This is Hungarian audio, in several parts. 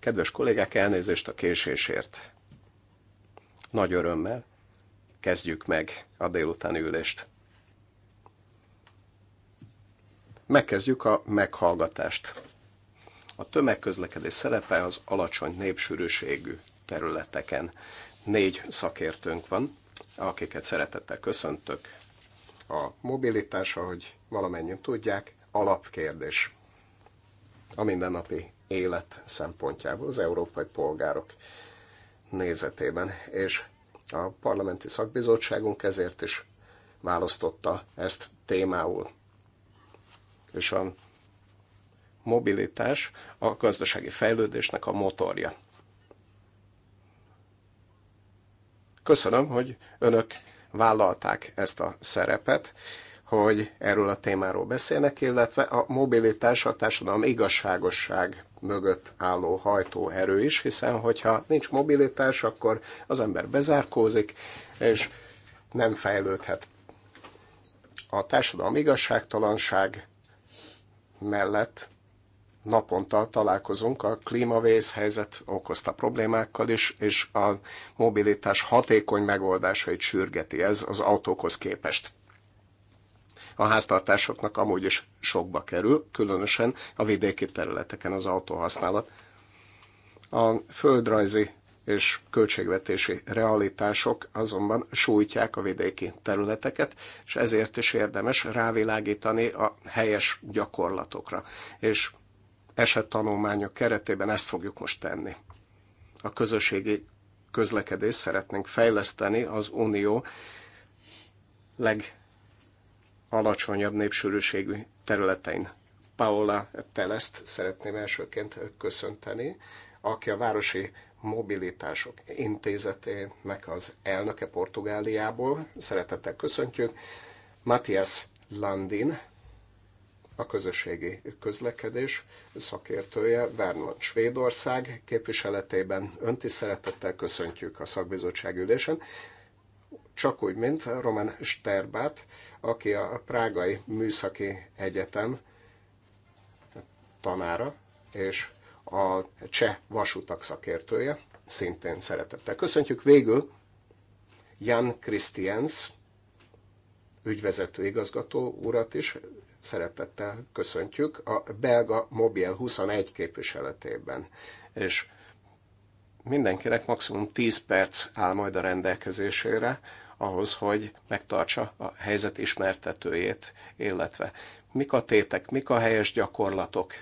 Kedves kollégák, elnézést a késésért. Nagy örömmel kezdjük meg a délutáni ülést. Megkezdjük a meghallgatást. A tömegközlekedés szerepe az alacsony népsűrűségű területeken. Négy szakértőnk van, akiket szeretettel köszöntök. A mobilitás, ahogy valamennyien tudják, alapkérdés a mindennapi élet szempontjából az európai polgárok nézetében. És a parlamenti szakbizottságunk ezért is választotta ezt témául. És a mobilitás a gazdasági fejlődésnek a motorja. Köszönöm, hogy önök vállalták ezt a szerepet, hogy erről a témáról beszélnek, illetve a mobilitás a társadalom igazságosság mögött álló hajtóerő is, hiszen hogyha nincs mobilitás, akkor az ember bezárkózik, és nem fejlődhet. A társadalom igazságtalanság mellett naponta találkozunk a klímavészhelyzet okozta problémákkal is, és a mobilitás hatékony megoldásait sürgeti ez az autókhoz képest a háztartásoknak amúgy is sokba kerül, különösen a vidéki területeken az autóhasználat. A földrajzi és költségvetési realitások azonban sújtják a vidéki területeket, és ezért is érdemes rávilágítani a helyes gyakorlatokra. És esettanulmányok keretében ezt fogjuk most tenni. A közösségi közlekedést szeretnénk fejleszteni az Unió leg alacsonyabb népsűrűségű területein. Paola Teleszt szeretném elsőként köszönteni, aki a Városi Mobilitások Intézetének az elnöke Portugáliából. Szeretettel köszöntjük. Matthias Landin, a közösségi közlekedés szakértője, Vernon Svédország képviseletében. Önt is szeretettel köszöntjük a szakbizottság ülésen csak úgy, mint Roman Sterbát, aki a Prágai Műszaki Egyetem tanára, és a cseh vasutak szakértője, szintén szeretettel. Köszöntjük végül Jan Christians, ügyvezető igazgató urat is, szeretettel köszöntjük a belga Mobil 21 képviseletében. És mindenkinek maximum 10 perc áll majd a rendelkezésére ahhoz, hogy megtartsa a helyzet ismertetőjét, illetve mik a tétek, mik a helyes gyakorlatok,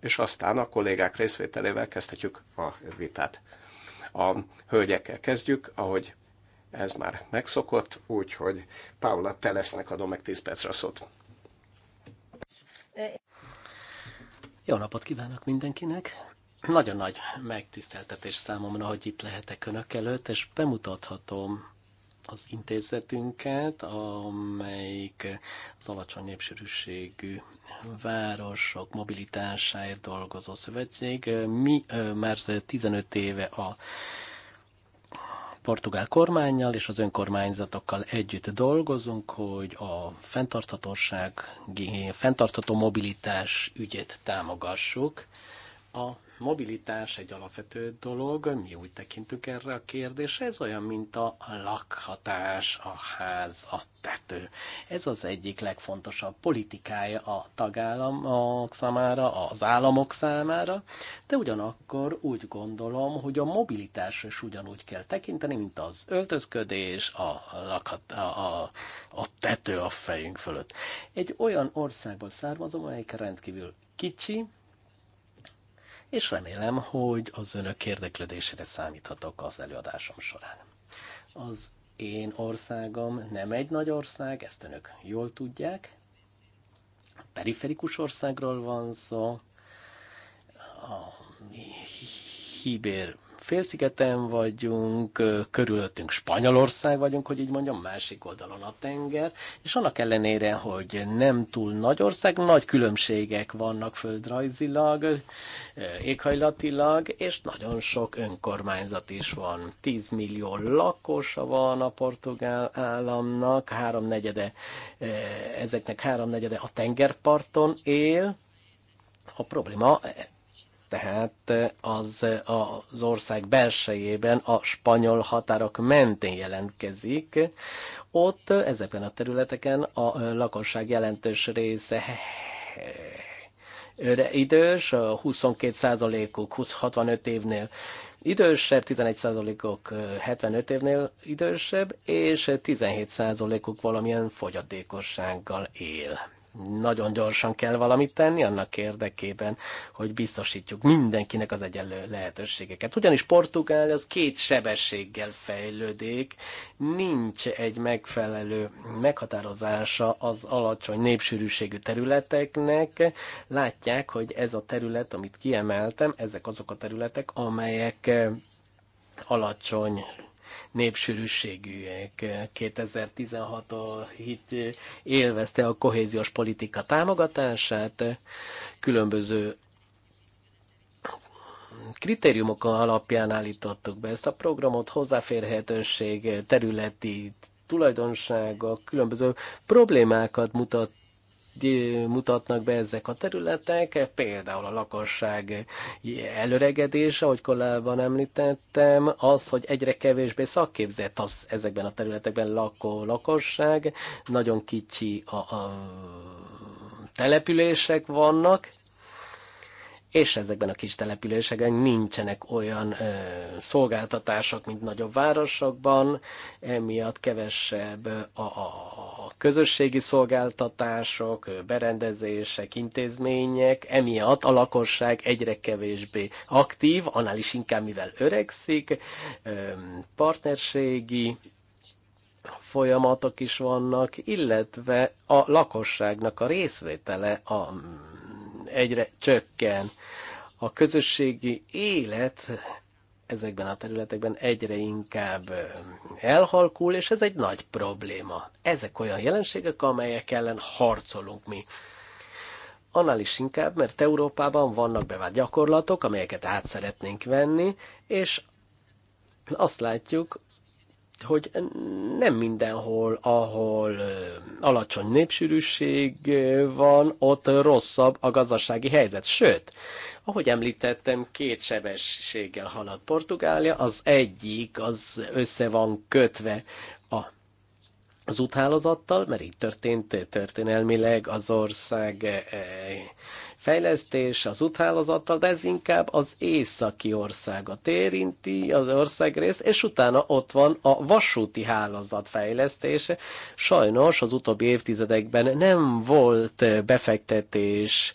és aztán a kollégák részvételével kezdhetjük a vitát. A hölgyekkel kezdjük, ahogy ez már megszokott, úgyhogy Paula, te lesznek, adom meg 10 percre a szót. Jó napot kívánok mindenkinek! Nagyon nagy megtiszteltetés számomra, hogy itt lehetek Önök előtt, és bemutathatom az intézetünket, amelyik az alacsony népsűrűségű városok mobilitásáért dolgozó szövetség. Mi már 15 éve a portugál kormányjal és az önkormányzatokkal együtt dolgozunk, hogy a fenntarthatóság, fenntartható mobilitás ügyet támogassuk. A mobilitás egy alapvető dolog, mi úgy tekintünk erre a kérdésre, ez olyan, mint a lakhatás, a ház, a tető. Ez az egyik legfontosabb politikája a tagállamok számára, az államok számára, de ugyanakkor úgy gondolom, hogy a mobilitás is ugyanúgy kell tekinteni, mint az öltözködés, a, lakhat, a, a, a tető a fejünk fölött. Egy olyan országból származom, amelyik rendkívül kicsi, és remélem, hogy az önök érdeklődésére számíthatok az előadásom során. Az én országom nem egy nagy ország, ezt önök jól tudják. Periferikus országról van szó. A Hibér félszigeten vagyunk, körülöttünk Spanyolország vagyunk, hogy így mondjam, másik oldalon a tenger, és annak ellenére, hogy nem túl nagy ország, nagy különbségek vannak földrajzilag, éghajlatilag, és nagyon sok önkormányzat is van. 10 millió lakosa van a portugál államnak, háromnegyede, ezeknek háromnegyede a tengerparton él, a probléma tehát az, az ország belsejében a spanyol határok mentén jelentkezik. Ott ezeken a területeken a lakosság jelentős része idős, 22%-uk 65 évnél idősebb, 11%-ok 75 évnél idősebb, és 17%-uk valamilyen fogyatékossággal él nagyon gyorsan kell valamit tenni annak érdekében, hogy biztosítjuk mindenkinek az egyenlő lehetőségeket. Ugyanis Portugál az két sebességgel fejlődik, nincs egy megfelelő meghatározása az alacsony népsűrűségű területeknek. Látják, hogy ez a terület, amit kiemeltem, ezek azok a területek, amelyek eh, alacsony népsűrűségűek. 2016 ot élvezte a kohéziós politika támogatását, különböző kritériumok alapján állítottuk be ezt a programot, hozzáférhetőség, területi tulajdonságok, különböző problémákat mutat mutatnak be ezek a területek, például a lakosság előregedése, ahogy korábban említettem, az, hogy egyre kevésbé szakképzett az ezekben a területekben lakó lakosság, nagyon kicsi a, a települések vannak, és ezekben a kis településeken nincsenek olyan ö, szolgáltatások, mint nagyobb városokban, emiatt kevesebb a, a közösségi szolgáltatások, berendezések, intézmények, emiatt a lakosság egyre kevésbé aktív, annál is inkább mivel öregszik, partnerségi folyamatok is vannak, illetve a lakosságnak a részvétele a, mm, egyre csökken. A közösségi élet ezekben a területekben egyre inkább elhalkul, és ez egy nagy probléma. Ezek olyan jelenségek, amelyek ellen harcolunk mi. Annál is inkább, mert Európában vannak bevált gyakorlatok, amelyeket át szeretnénk venni, és azt látjuk, hogy nem mindenhol, ahol alacsony népsűrűség van, ott rosszabb a gazdasági helyzet. Sőt, ahogy említettem, két sebességgel halad Portugália, az egyik az össze van kötve a az úthálozattal, mert így történt történelmileg az ország e, e, fejlesztés az úthálozattal, de ez inkább az északi országot érinti, az ország rész, és utána ott van a vasúti hálózat fejlesztése. Sajnos az utóbbi évtizedekben nem volt befektetés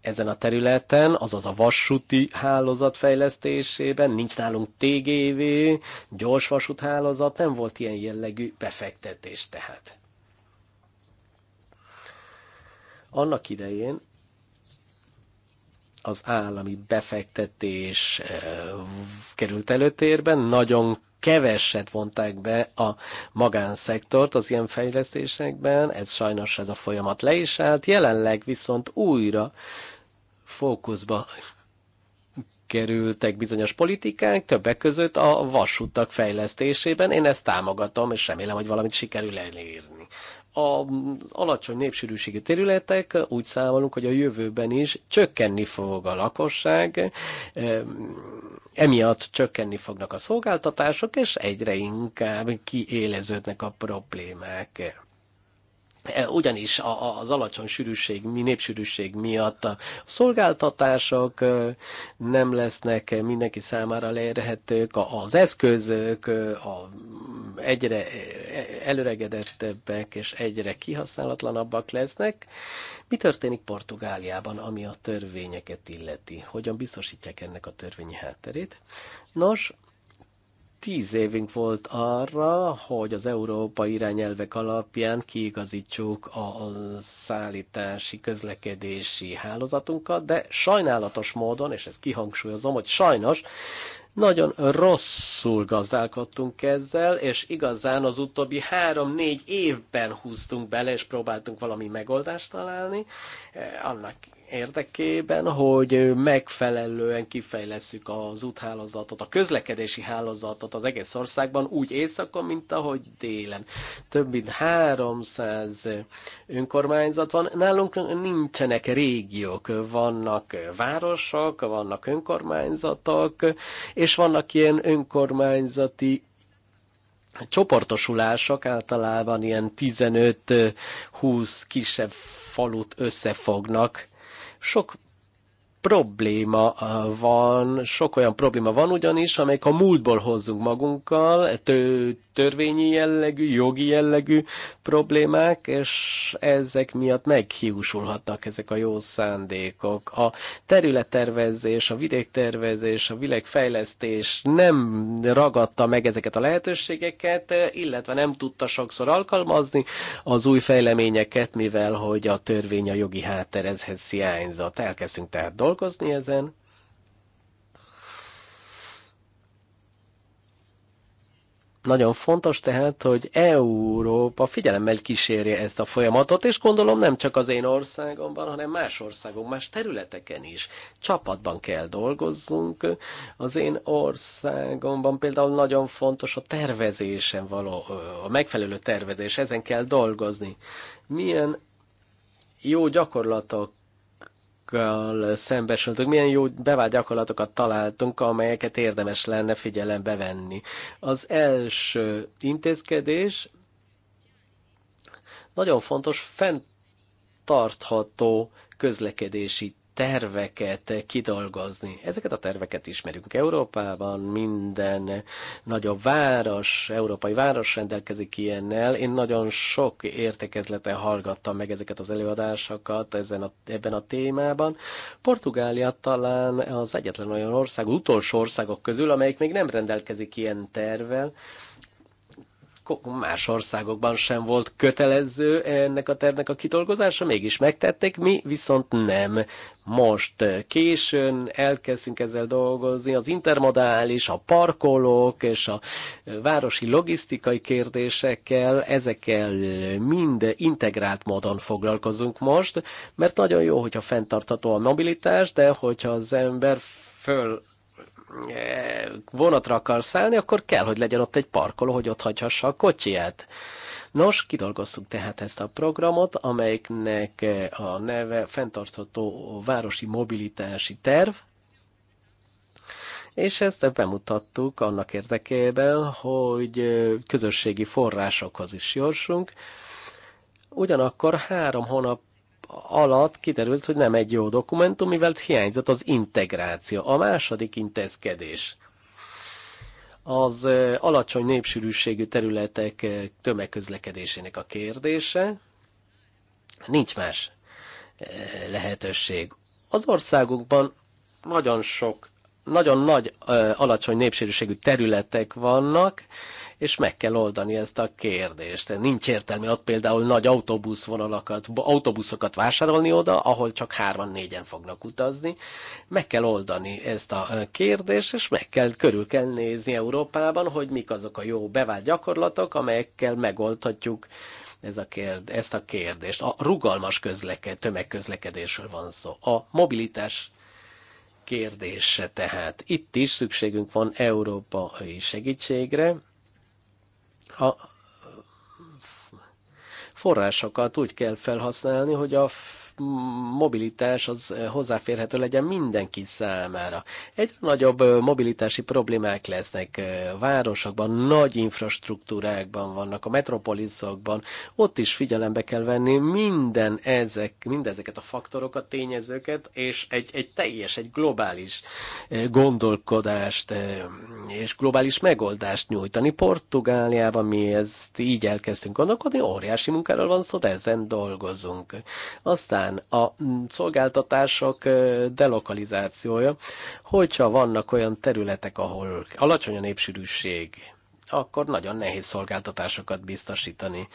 ezen a területen, azaz a vasúti hálózat fejlesztésében, nincs nálunk TGV, gyors hálózat, nem volt ilyen jellegű befektetés tehát. Annak idején az állami befektetés eh, került előtérben, nagyon keveset vonták be a magánszektort az ilyen fejlesztésekben, ez sajnos ez a folyamat le is állt, jelenleg viszont újra fókuszba kerültek bizonyos politikánk, többek között a vasútak fejlesztésében. Én ezt támogatom, és remélem, hogy valamit sikerül elérni. Az alacsony népsűrűségi területek úgy számolunk, hogy a jövőben is csökkenni fog a lakosság, emiatt csökkenni fognak a szolgáltatások, és egyre inkább kiéleződnek a problémák ugyanis az alacsony sűrűség, népsűrűség miatt a szolgáltatások nem lesznek mindenki számára leérhetők, az eszközök a egyre előregedettebbek és egyre kihasználatlanabbak lesznek. Mi történik Portugáliában, ami a törvényeket illeti? Hogyan biztosítják ennek a törvényi hátterét? Nos, tíz évünk volt arra, hogy az Európa irányelvek alapján kiigazítsuk a szállítási, közlekedési hálózatunkat, de sajnálatos módon, és ezt kihangsúlyozom, hogy sajnos nagyon rosszul gazdálkodtunk ezzel, és igazán az utóbbi három-négy évben húztunk bele, és próbáltunk valami megoldást találni, eh, annak érdekében, hogy megfelelően kifejlesszük az úthálózatot, a közlekedési hálózatot az egész országban, úgy éjszakon, mint ahogy délen. Több mint 300 önkormányzat van. Nálunk nincsenek régiók, vannak városok, vannak önkormányzatok, és vannak ilyen önkormányzati csoportosulások általában ilyen 15-20 kisebb falut összefognak, sok probléma uh, van, sok olyan probléma van ugyanis, amelyik a múltból hozzunk magunkkal, tő, törvényi jellegű, jogi jellegű problémák, és ezek miatt meghiúsulhatnak ezek a jó szándékok. A területtervezés, a vidéktervezés, a világfejlesztés nem ragadta meg ezeket a lehetőségeket, illetve nem tudta sokszor alkalmazni az új fejleményeket, mivel hogy a törvény a jogi hátterezhez hiányzott. Elkezdtünk tehát dolgozni ezen, Nagyon fontos tehát, hogy Európa figyelemmel kísérje ezt a folyamatot, és gondolom nem csak az én országomban, hanem más országok, más területeken is. Csapatban kell dolgozzunk. Az én országomban például nagyon fontos a tervezésen való, a megfelelő tervezés, ezen kell dolgozni. Milyen jó gyakorlatok gyakorlatokkal szembesültünk, milyen jó bevált gyakorlatokat találtunk, amelyeket érdemes lenne figyelembe venni. Az első intézkedés nagyon fontos fenntartható közlekedési terveket kidolgozni. Ezeket a terveket ismerünk Európában, minden nagyobb város, európai város rendelkezik ilyennel. Én nagyon sok értekezleten hallgattam meg ezeket az előadásokat ezen a, ebben a témában. Portugália talán az egyetlen olyan ország, utolsó országok közül, amelyik még nem rendelkezik ilyen tervvel, más országokban sem volt kötelező ennek a tervnek a kitolgozása, mégis megtették, mi viszont nem. Most későn elkezdünk ezzel dolgozni, az intermodális, a parkolók és a városi logisztikai kérdésekkel, ezekkel mind integrált módon foglalkozunk most, mert nagyon jó, hogyha fenntartható a mobilitás, de hogyha az ember föl Eh, vonatra akarsz állni, akkor kell, hogy legyen ott egy parkoló, hogy ott hagyhassa a kocsiját. Nos, kidolgoztuk tehát ezt a programot, amelyiknek eh, a neve fenntartható városi mobilitási terv, és ezt bemutattuk annak érdekében, hogy eh, közösségi forrásokhoz is jussunk. Ugyanakkor három hónap alatt kiderült, hogy nem egy jó dokumentum, mivel hiányzott az integráció. A második intézkedés az alacsony népsűrűségű területek tömegközlekedésének a kérdése. Nincs más lehetőség. Az országokban nagyon sok nagyon nagy, alacsony népszerűségű területek vannak, és meg kell oldani ezt a kérdést. Nincs értelme ott például nagy autóbuszvonalakat, autóbuszokat vásárolni oda, ahol csak hárman-négyen fognak utazni. Meg kell oldani ezt a kérdést, és meg kell, körül kell nézni Európában, hogy mik azok a jó bevált gyakorlatok, amelyekkel megoldhatjuk ez a kérd, ezt a kérdést. A rugalmas közleked, tömegközlekedésről van szó. A mobilitás kérdése tehát. Itt is szükségünk van európai segítségre. A forrásokat úgy kell felhasználni, hogy a mobilitás az eh, hozzáférhető legyen mindenki számára. Egyre nagyobb eh, mobilitási problémák lesznek eh, városokban, nagy infrastruktúrákban vannak, a metropoliszokban. Ott is figyelembe kell venni minden ezek, mindezeket a faktorokat, tényezőket, és egy, egy teljes, egy globális gondolkodást és globális megoldást nyújtani. Portugáliában mi ezt így elkezdtünk gondolkodni, óriási munkáról van szó, de ezen dolgozunk. Aztán aztán a szolgáltatások delokalizációja, hogyha vannak olyan területek, ahol alacsony a népsűrűség, akkor nagyon nehéz szolgáltatásokat biztosítani.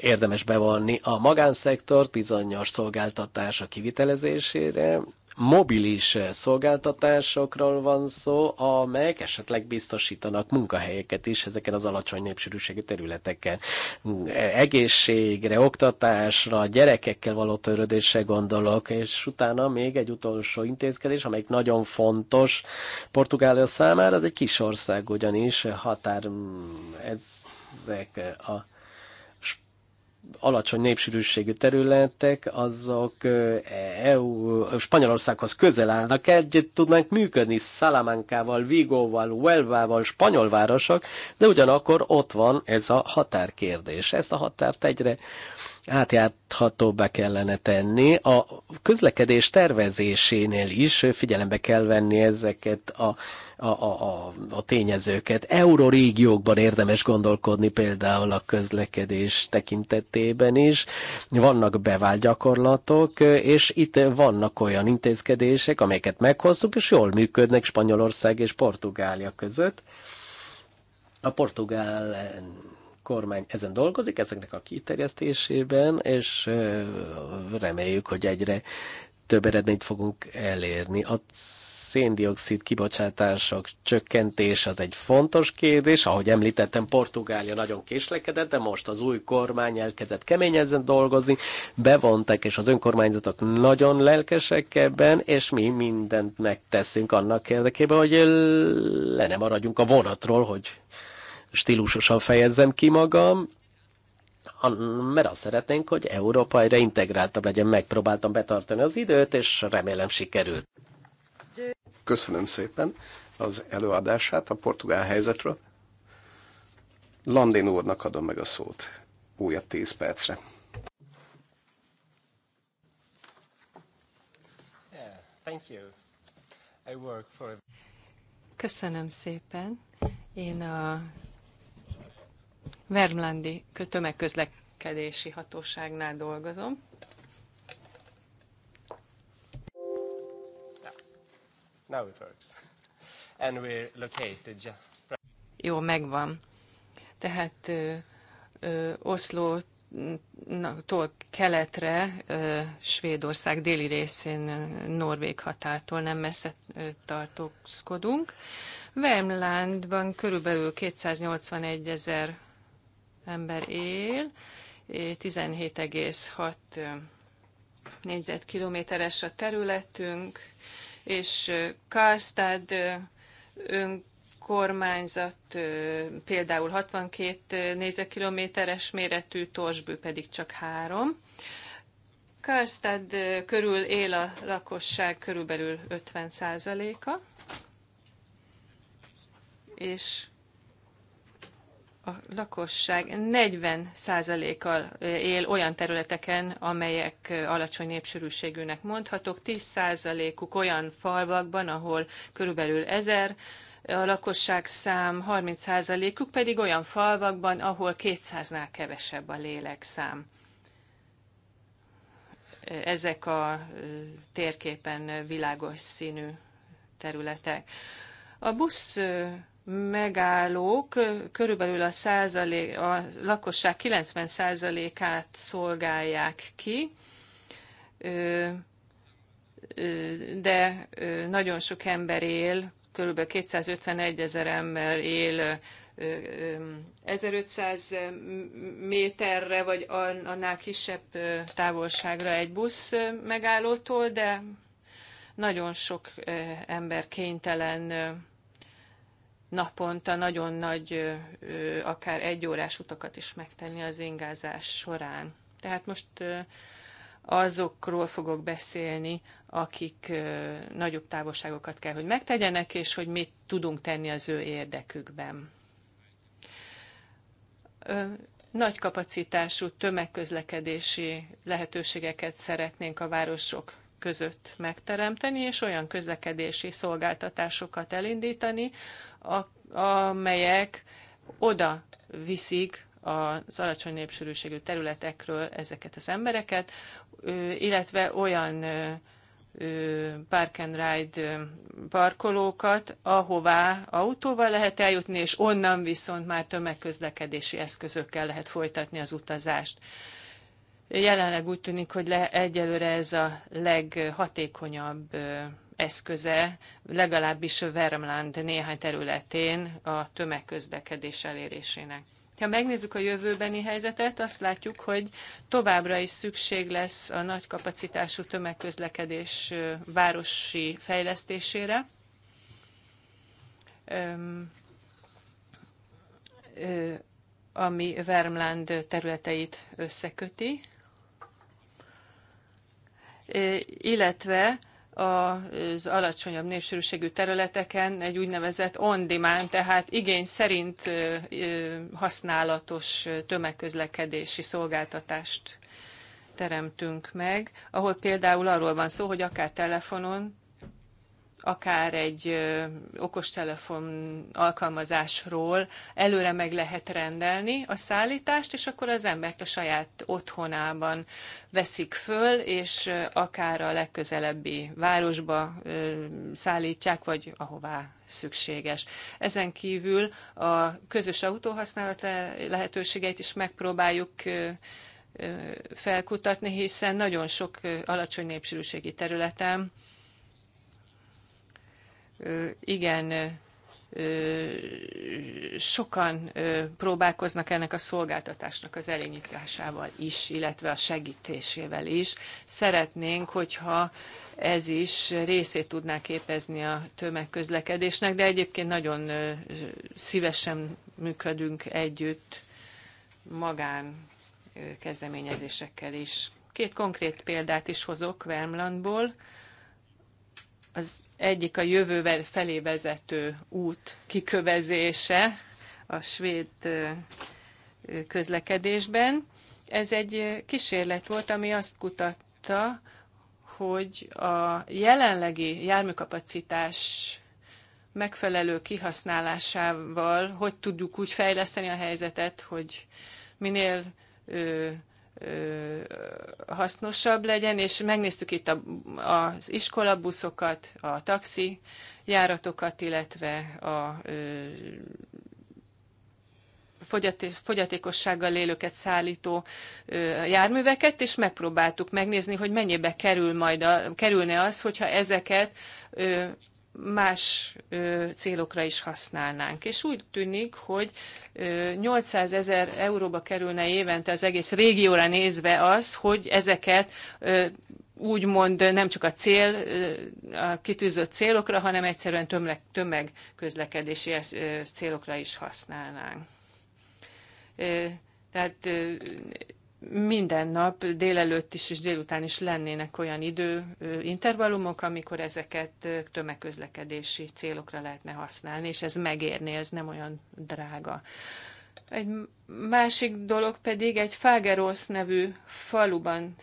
Érdemes bevonni a magánszektort bizonyos szolgáltatások kivitelezésére, mobilis szolgáltatásokról van szó, amelyek esetleg biztosítanak munkahelyeket is ezeken az alacsony népsűrűségű területeken. Egészségre, oktatásra, gyerekekkel való törődésre gondolok, és utána még egy utolsó intézkedés, amelyik nagyon fontos Portugália számára, az egy kis ország ugyanis, határ, mm, ezek a alacsony népsűrűségű területek, azok EU, Spanyolországhoz közel állnak, együtt tudnánk működni Salamankával, Vigóval, Huelvával, spanyol városok, de ugyanakkor ott van ez a határkérdés. Ezt a határt egyre átjárthatóbbá kellene tenni. A közlekedés tervezésénél is figyelembe kell venni ezeket a, a, a, a, a tényezőket. Eurorégiókban érdemes gondolkodni például a közlekedés tekintetében is. Vannak bevált gyakorlatok, és itt vannak olyan intézkedések, amelyeket meghoztuk, és jól működnek Spanyolország és Portugália között. A portugál kormány ezen dolgozik, ezeknek a kiterjesztésében, és reméljük, hogy egyre több eredményt fogunk elérni. A széndiokszid kibocsátások csökkentése az egy fontos kérdés. Ahogy említettem, Portugália nagyon késlekedett, de most az új kormány elkezdett keményezzen dolgozni, bevonták, és az önkormányzatok nagyon lelkesek ebben, és mi mindent megteszünk annak érdekében, hogy le nem maradjunk a vonatról, hogy stílusosan fejezzem ki magam, mert azt szeretnénk, hogy Európa egyre integráltabb legyen. Megpróbáltam betartani az időt, és remélem sikerült. Köszönöm szépen az előadását a portugál helyzetről. Landin úrnak adom meg a szót újabb 10 percre. Köszönöm szépen. Én a Vermlandi tömegközlekedési hatóságnál dolgozom. Now it works. And we're located. Jó, megvan. Tehát Oszlótól keletre, ö, Svédország déli részén, Norvég határtól nem messze ö, tartózkodunk. Vermlandban körülbelül 281 ezer ember él, 17,6 eh, eh, négyzetkilométeres a területünk, és eh, Kárstad önkormányzat például 62 négyzetkilométeres méretű, Torsbő pedig csak három. Kárstad körül él a lakosság körülbelül 50 százaléka, és a lakosság 40%-kal él olyan területeken, amelyek alacsony népsűrűségűnek mondhatók, 10%-uk olyan falvakban, ahol körülbelül 1000 a lakosság szám 30%-uk pedig olyan falvakban, ahol 200-nál kevesebb a lélekszám. Ezek a térképen világos színű területek. A busz megállók körülbelül a, százalék, a lakosság 90%-át szolgálják ki, de nagyon sok ember él, körülbelül 251 ezer ember él 1500 méterre, vagy annál kisebb távolságra egy busz megállótól, de nagyon sok ember kénytelen naponta nagyon nagy, akár egy órás utakat is megtenni az ingázás során. Tehát most azokról fogok beszélni, akik nagyobb távolságokat kell, hogy megtegyenek, és hogy mit tudunk tenni az ő érdekükben. Nagy kapacitású tömegközlekedési lehetőségeket szeretnénk a városok között megteremteni, és olyan közlekedési szolgáltatásokat elindítani, a amelyek oda viszik az alacsony népsűrűségű területekről ezeket az embereket, illetve olyan park and ride parkolókat, ahová autóval lehet eljutni, és onnan viszont már tömegközlekedési eszközökkel lehet folytatni az utazást. Jelenleg úgy tűnik, hogy le, egyelőre ez a leghatékonyabb eszköze, legalábbis Vermland néhány területén a tömegközlekedés elérésének. Ha megnézzük a jövőbeni helyzetet, azt látjuk, hogy továbbra is szükség lesz a nagy kapacitású tömegközlekedés városi fejlesztésére. ami Vermland területeit összeköti illetve az alacsonyabb népsűrűségű területeken egy úgynevezett on-demand, tehát igény szerint használatos tömegközlekedési szolgáltatást teremtünk meg, ahol például arról van szó, hogy akár telefonon, akár egy okostelefon alkalmazásról előre meg lehet rendelni a szállítást, és akkor az embert a saját otthonában veszik föl, és akár a legközelebbi városba szállítják, vagy ahová szükséges. Ezen kívül a közös autóhasználat lehetőségeit is megpróbáljuk felkutatni, hiszen nagyon sok alacsony népsűrűségi területen igen sokan próbálkoznak ennek a szolgáltatásnak az elindításával is, illetve a segítésével is. Szeretnénk, hogyha ez is részét tudná képezni a tömegközlekedésnek, de egyébként nagyon szívesen működünk együtt magán kezdeményezésekkel is. Két konkrét példát is hozok Vermlandból az egyik a jövővel felé vezető út kikövezése a svéd közlekedésben. Ez egy kísérlet volt, ami azt kutatta, hogy a jelenlegi járműkapacitás megfelelő kihasználásával hogy tudjuk úgy fejleszteni a helyzetet, hogy minél ö, hasznosabb legyen, és megnéztük itt a, az iskolabuszokat, a taxi járatokat, illetve a ö, fogyatékossággal élőket szállító ö, járműveket, és megpróbáltuk megnézni, hogy mennyibe kerül majd a, kerülne az, hogyha ezeket ö, más ö, célokra is használnánk. És úgy tűnik, hogy ö, 800 ezer euróba kerülne évente az egész régióra nézve az, hogy ezeket ö, úgymond nem csak a cél, a kitűzött célokra, hanem egyszerűen tömeg, tömegközlekedési célokra is használnánk. Tehát minden nap délelőtt is és délután is lennének olyan időintervallumok, amikor ezeket tömegközlekedési célokra lehetne használni, és ez megérné, ez nem olyan drága. Egy másik dolog pedig egy Fágerosz nevű faluban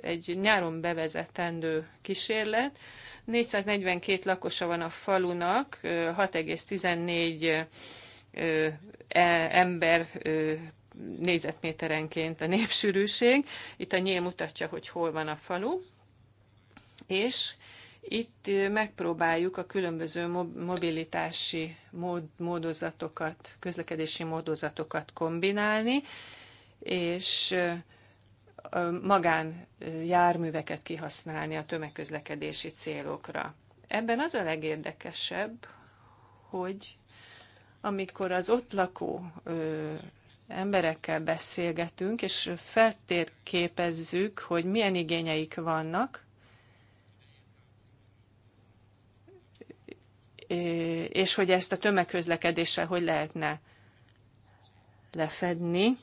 egy nyáron bevezetendő kísérlet. 442 lakosa van a falunak, 6,14 e-, ember négyzetméterenként a népsűrűség. Itt a nyél mutatja, hogy hol van a falu, és itt megpróbáljuk a különböző mobilitási mód, módozatokat, közlekedési módozatokat kombinálni, és magán járműveket kihasználni a tömegközlekedési célokra. Ebben az a legérdekesebb, hogy amikor az ott lakó emberekkel beszélgetünk, és feltérképezzük, hogy milyen igényeik vannak, és hogy ezt a tömegközlekedéssel hogy lehetne lefedni,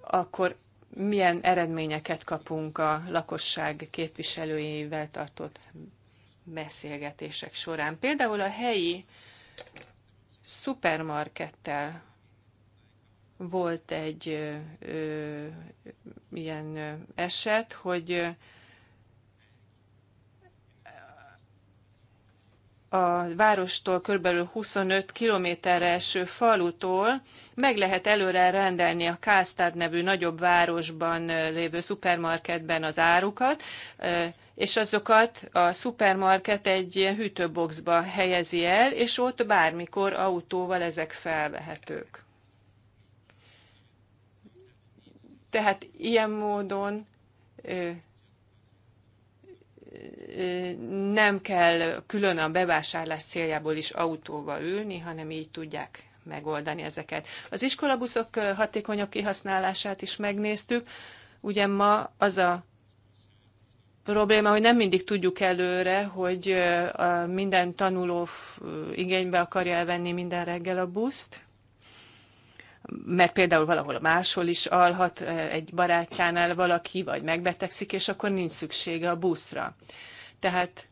akkor milyen eredményeket kapunk a lakosság képviselőivel tartott beszélgetések során. Például a helyi szupermarkettel volt egy ö, ö, ilyen eset, hogy a várostól körülbelül 25 kilométerre eső falutól meg lehet előre rendelni a Kásztád nevű nagyobb városban lévő szupermarketben az árukat és azokat a szupermarket egy ilyen hűtőboxba helyezi el, és ott bármikor autóval ezek felvehetők. Tehát ilyen módon ö, ö, nem kell külön a bevásárlás céljából is autóval ülni, hanem így tudják megoldani ezeket. Az iskolabuszok hatékonyabb kihasználását is megnéztük. Ugye ma az a probléma, hogy nem mindig tudjuk előre, hogy minden tanuló igénybe akarja elvenni minden reggel a buszt, mert például valahol máshol is alhat egy barátjánál valaki, vagy megbetegszik, és akkor nincs szüksége a buszra. Tehát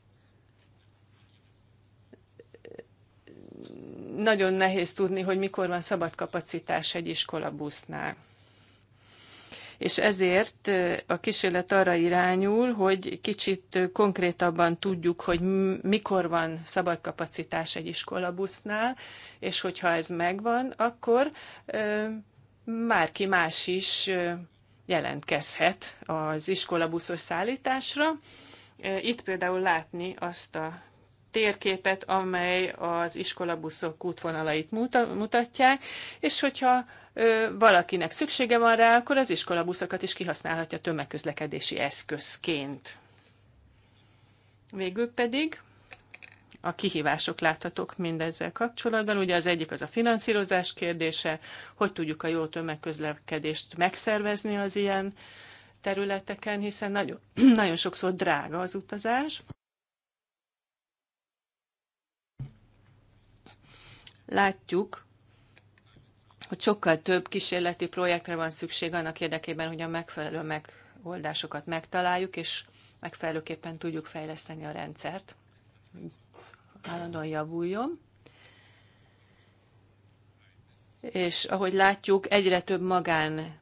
nagyon nehéz tudni, hogy mikor van szabad kapacitás egy iskola busznál és ezért a kísérlet arra irányul, hogy kicsit konkrétabban tudjuk, hogy mikor van szabad kapacitás egy iskolabusznál, és hogyha ez megvan, akkor márki más is jelentkezhet az iskolabuszos szállításra. Itt például látni azt a térképet, amely az iskolabuszok útvonalait mutatják, és hogyha valakinek szüksége van rá, akkor az iskolabuszokat is kihasználhatja tömegközlekedési eszközként. Végül pedig a kihívások láthatók mindezzel kapcsolatban. Ugye az egyik az a finanszírozás kérdése, hogy tudjuk a jó tömegközlekedést megszervezni az ilyen területeken, hiszen nagyon, nagyon sokszor drága az utazás. látjuk, hogy sokkal több kísérleti projektre van szükség annak érdekében, hogy a megfelelő megoldásokat megtaláljuk, és megfelelőképpen tudjuk fejleszteni a rendszert, állandóan javuljon. És ahogy látjuk, egyre több magán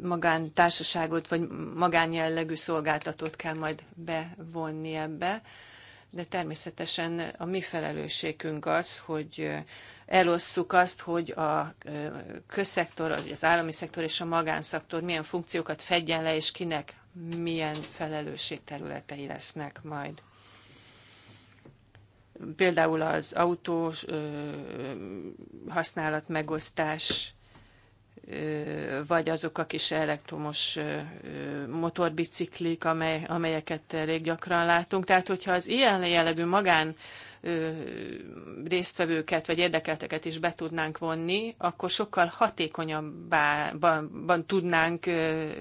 magántársaságot vagy magánjellegű szolgáltatót kell majd bevonni ebbe de természetesen a mi felelősségünk az, hogy elosszuk azt, hogy a közszektor, az állami szektor és a magánszektor milyen funkciókat fedjen le, és kinek milyen felelősségterületei lesznek majd. Például az autós használat megosztás vagy azok a kis elektromos motorbiciklik, amely, amelyeket elég gyakran látunk. Tehát, hogyha az ilyen jellegű magán résztvevőket vagy érdekelteket is be tudnánk vonni, akkor sokkal hatékonyabban tudnánk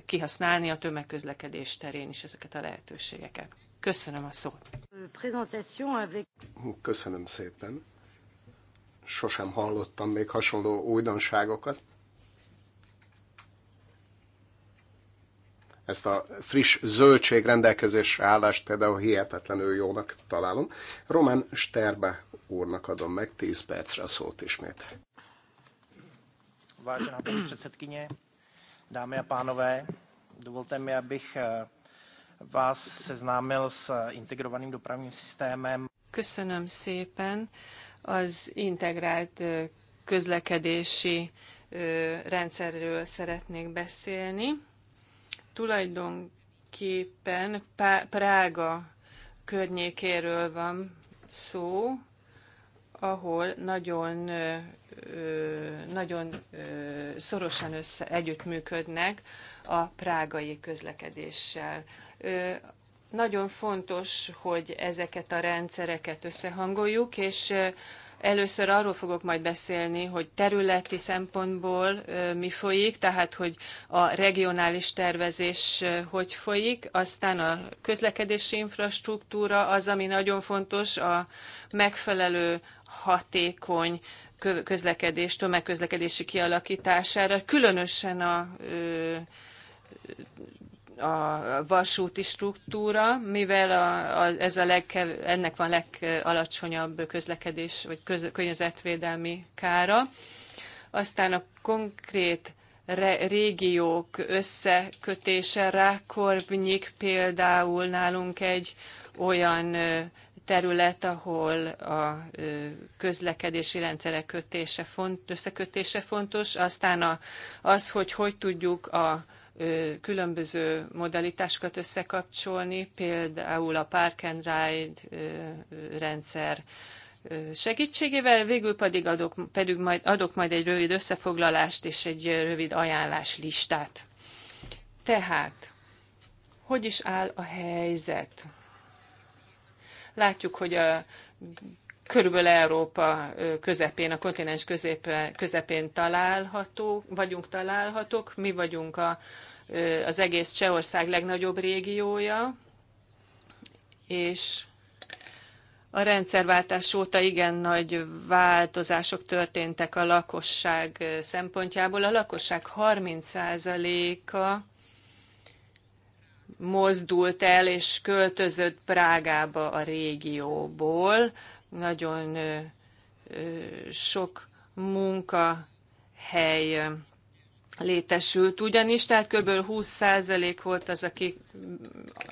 kihasználni a tömegközlekedés terén is ezeket a lehetőségeket. Köszönöm a szót. Köszönöm szépen. Sosem hallottam még hasonló újdonságokat. ezt a friss zöldség rendelkezésre állást például hihetetlenül jónak találom. Román Sterbe úrnak adom meg 10 percre a szót ismét. Vážená paní předsedkyně, dámy a pánové, dovolte mi, abych eh, vás seznámil s integrovaným dopravním systémem. Köszönöm szépen az integrált eh, közlekedési eh, rendszerről szeretnék beszélni Tulajdonképpen Prága környékéről van szó, ahol nagyon, nagyon szorosan össze, együttműködnek a prágai közlekedéssel. Nagyon fontos, hogy ezeket a rendszereket összehangoljuk, és Először arról fogok majd beszélni, hogy területi szempontból mi folyik, tehát hogy a regionális tervezés hogy folyik, aztán a közlekedési infrastruktúra az, ami nagyon fontos, a megfelelő hatékony közlekedés, tömegközlekedési kialakítására, különösen a a vasúti struktúra, mivel a, a, ez a legkev, ennek van legalacsonyabb közlekedés vagy köz, környezetvédelmi kára. Aztán a konkrét re, régiók összekötése, Rákorvnyik például nálunk egy olyan terület, ahol a közlekedési rendszerek kötése font, összekötése fontos, aztán a, az, hogy hogy tudjuk a különböző modalitásokat összekapcsolni, például a Park and Ride rendszer segítségével, végül pedig adok, pedig majd, adok majd egy rövid összefoglalást és egy rövid ajánlás listát. Tehát, hogy is áll a helyzet? Látjuk, hogy a körülbelül Európa közepén, a kontinens középen, közepén található, vagyunk találhatók, mi vagyunk a, az egész Csehország legnagyobb régiója, és a rendszerváltás óta igen nagy változások történtek a lakosság szempontjából. A lakosság 30%-a mozdult el és költözött Prágába a régióból nagyon sok munkahely létesült ugyanis, tehát kb. 20% volt az, aki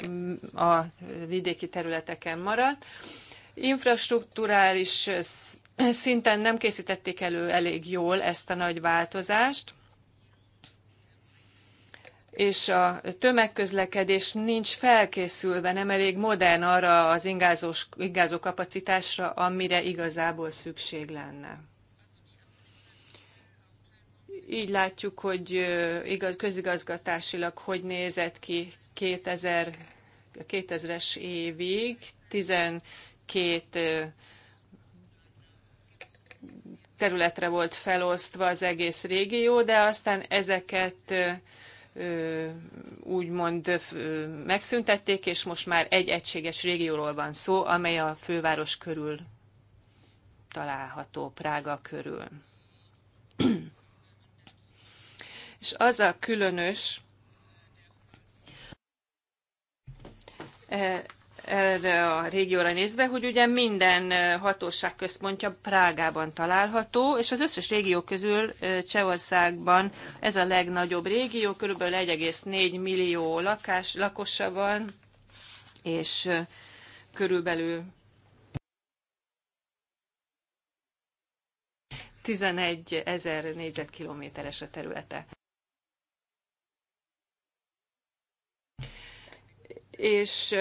mm, a vidéki területeken maradt. Infrastruktúrális szinten nem készítették elő elég jól ezt a nagy változást, és a tömegközlekedés nincs felkészülve, nem elég modern arra az ingázós, ingázó kapacitásra, amire igazából szükség lenne. Így látjuk, hogy közigazgatásilag hogy nézett ki 2000, 2000-es évig, 12 területre volt felosztva az egész régió, de aztán ezeket úgymond megszüntették, és most már egy egységes régióról van szó, amely a főváros körül található, Prága körül. és az a különös erre a régióra nézve, hogy ugye minden hatóság központja Prágában található, és az összes régió közül Csehországban ez a legnagyobb régió, kb. 1,4 millió lakás, lakosa van, és körülbelül 11 ezer négyzetkilométeres a területe. És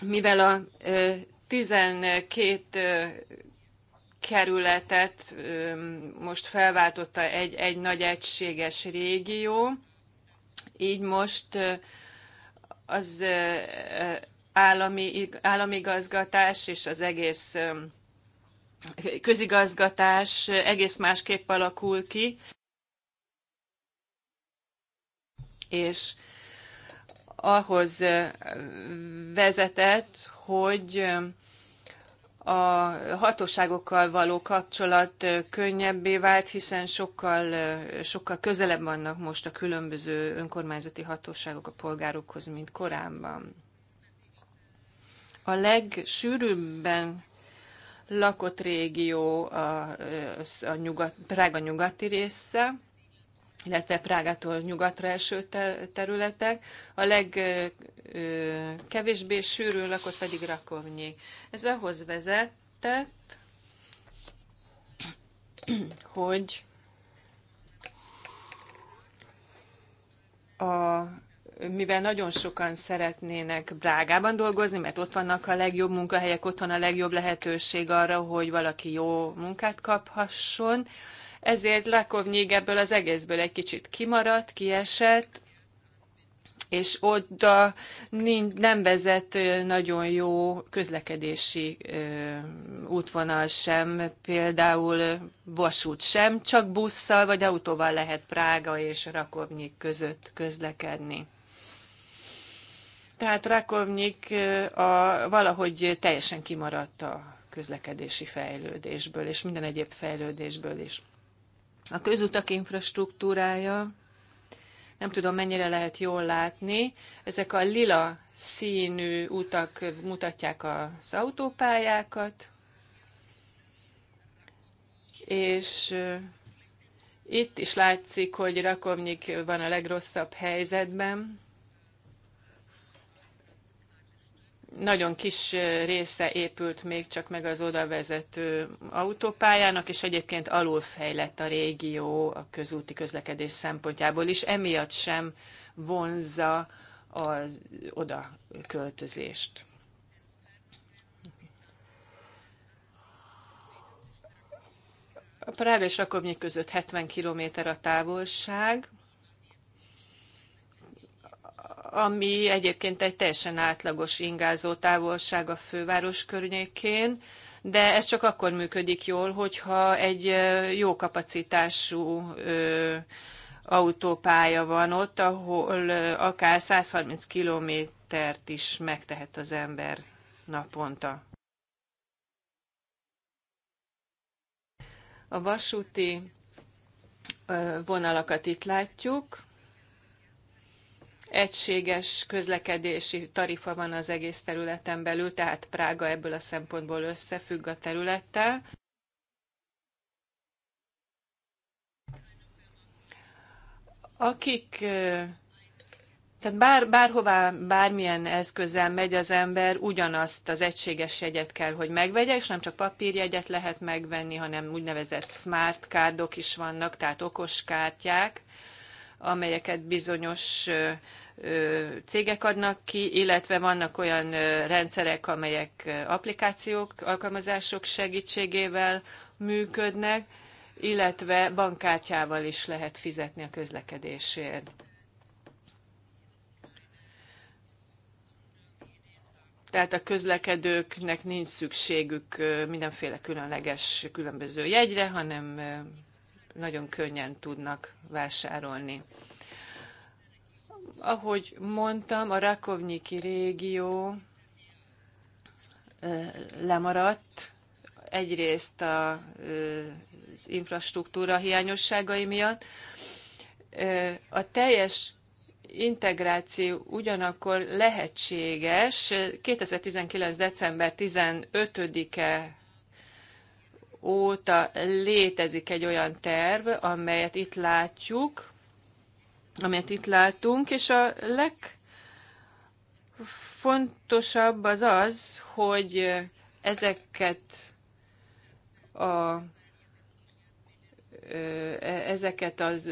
mivel a 12 kerületet most felváltotta egy, egy nagy egységes régió, így most az állami, államigazgatás és az egész közigazgatás egész másképp alakul ki, és ahhoz vezetett, hogy a hatóságokkal való kapcsolat könnyebbé vált, hiszen sokkal, sokkal közelebb vannak most a különböző önkormányzati hatóságok a polgárokhoz, mint korábban. A legsűrűbben lakott régió a, a nyugat, Prága nyugati része, illetve Prágától nyugatra eső területek, a legkevésbé sűrűn lakott pedig Rakovnyi. Ez ahhoz vezetett, hogy a, mivel nagyon sokan szeretnének Brágában dolgozni, mert ott vannak a legjobb munkahelyek, ott van a legjobb lehetőség arra, hogy valaki jó munkát kaphasson, ezért Lakovnyig ebből az egészből egy kicsit kimaradt, kiesett, és oda nem vezet nagyon jó közlekedési útvonal sem, például vasút sem, csak busszal vagy autóval lehet Prága és Rakovnyik között közlekedni. Tehát Rakovnyik a, valahogy teljesen kimaradt a közlekedési fejlődésből, és minden egyéb fejlődésből is a közutak infrastruktúrája, nem tudom mennyire lehet jól látni, ezek a lila színű utak mutatják az autópályákat, és eh, itt is látszik, hogy Rakovnyik van a legrosszabb helyzetben. nagyon kis része épült még csak meg az odavezető autópályának, és egyébként alulfejlett a régió a közúti közlekedés szempontjából is, emiatt sem vonzza az oda költözést. A Práv és Rakovnyi között 70 km a távolság, ami egyébként egy teljesen átlagos ingázó távolság a főváros környékén, de ez csak akkor működik jól, hogyha egy jó kapacitású autópálya van ott, ahol akár 130 kilométert is megtehet az ember naponta. A vasúti vonalakat itt látjuk egységes közlekedési tarifa van az egész területen belül, tehát Prága ebből a szempontból összefügg a területtel. Akik tehát bár, bárhová, bármilyen eszközzel megy az ember, ugyanazt az egységes jegyet kell, hogy megvegye, és nem csak papírjegyet lehet megvenni, hanem úgynevezett smart kárdok is vannak, tehát okos kártyák, amelyeket bizonyos cégek adnak ki, illetve vannak olyan rendszerek, amelyek applikációk, alkalmazások segítségével működnek, illetve bankkártyával is lehet fizetni a közlekedésért. Tehát a közlekedőknek nincs szükségük mindenféle különleges, különböző jegyre, hanem nagyon könnyen tudnak vásárolni. Ahogy mondtam, a Rakovnyiki régió lemaradt, egyrészt az infrastruktúra hiányosságai miatt. A teljes integráció ugyanakkor lehetséges. 2019. december 15-e óta létezik egy olyan terv, amelyet itt látjuk, amelyet itt látunk, és a legfontosabb az az, hogy ezeket a E, ezeket az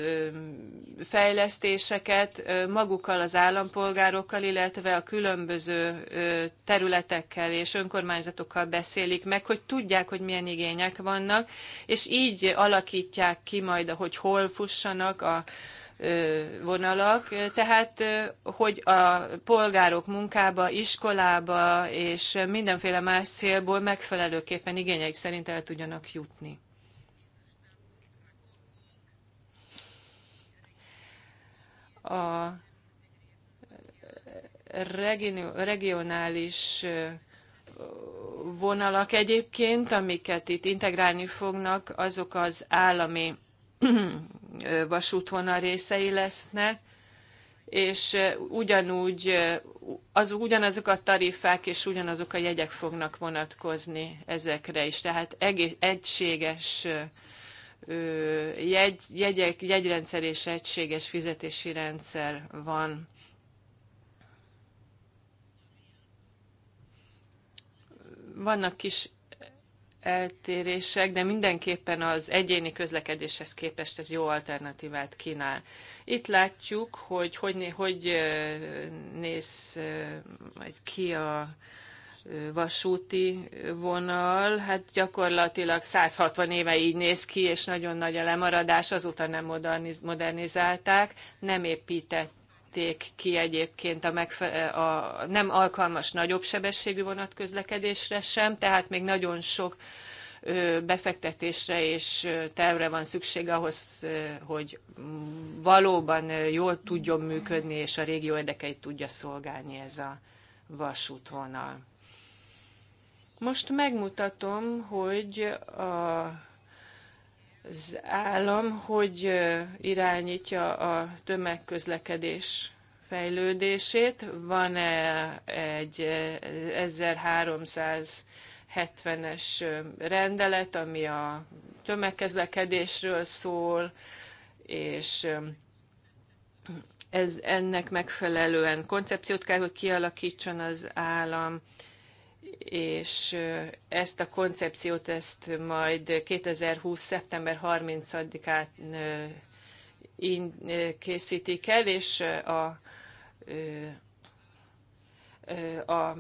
fejlesztéseket magukkal az állampolgárokkal, illetve a különböző területekkel és önkormányzatokkal beszélik meg, hogy tudják, hogy milyen igények vannak, és így alakítják ki majd, hogy hol fussanak a vonalak, tehát hogy a polgárok munkába, iskolába és mindenféle más célból megfelelőképpen igényeik szerint el tudjanak jutni. a regionális vonalak egyébként, amiket itt integrálni fognak, azok az állami vasútvonal részei lesznek, és ugyanúgy az, ugyanazok a tarifák és ugyanazok a jegyek fognak vonatkozni ezekre is. Tehát egy egységes jegy, jegyek, jegyrendszer és egységes fizetési rendszer van. Vannak kis eltérések, de mindenképpen az egyéni közlekedéshez képest ez jó alternatívát kínál. Itt látjuk, hogy hogy, hogy néz majd ki a vasúti vonal, hát gyakorlatilag 160 éve így néz ki, és nagyon nagy a lemaradás, azóta nem moderniz, modernizálták, nem építették ki egyébként a, megfe- a nem alkalmas nagyobb sebességű vonatközlekedésre sem, tehát még nagyon sok befektetésre és tervre van szükség ahhoz, hogy valóban jól tudjon működni, és a régió érdekeit tudja szolgálni ez a vasútvonal. Most megmutatom, hogy a, az állam hogy irányítja a tömegközlekedés fejlődését. Van-e egy 1370 es rendelet, ami a tömegközlekedésről szól, és ez ennek megfelelően koncepciót kell, hogy kialakítson az állam, és ezt a koncepciót ezt majd 2020. szeptember 30-án készítik el, és a, a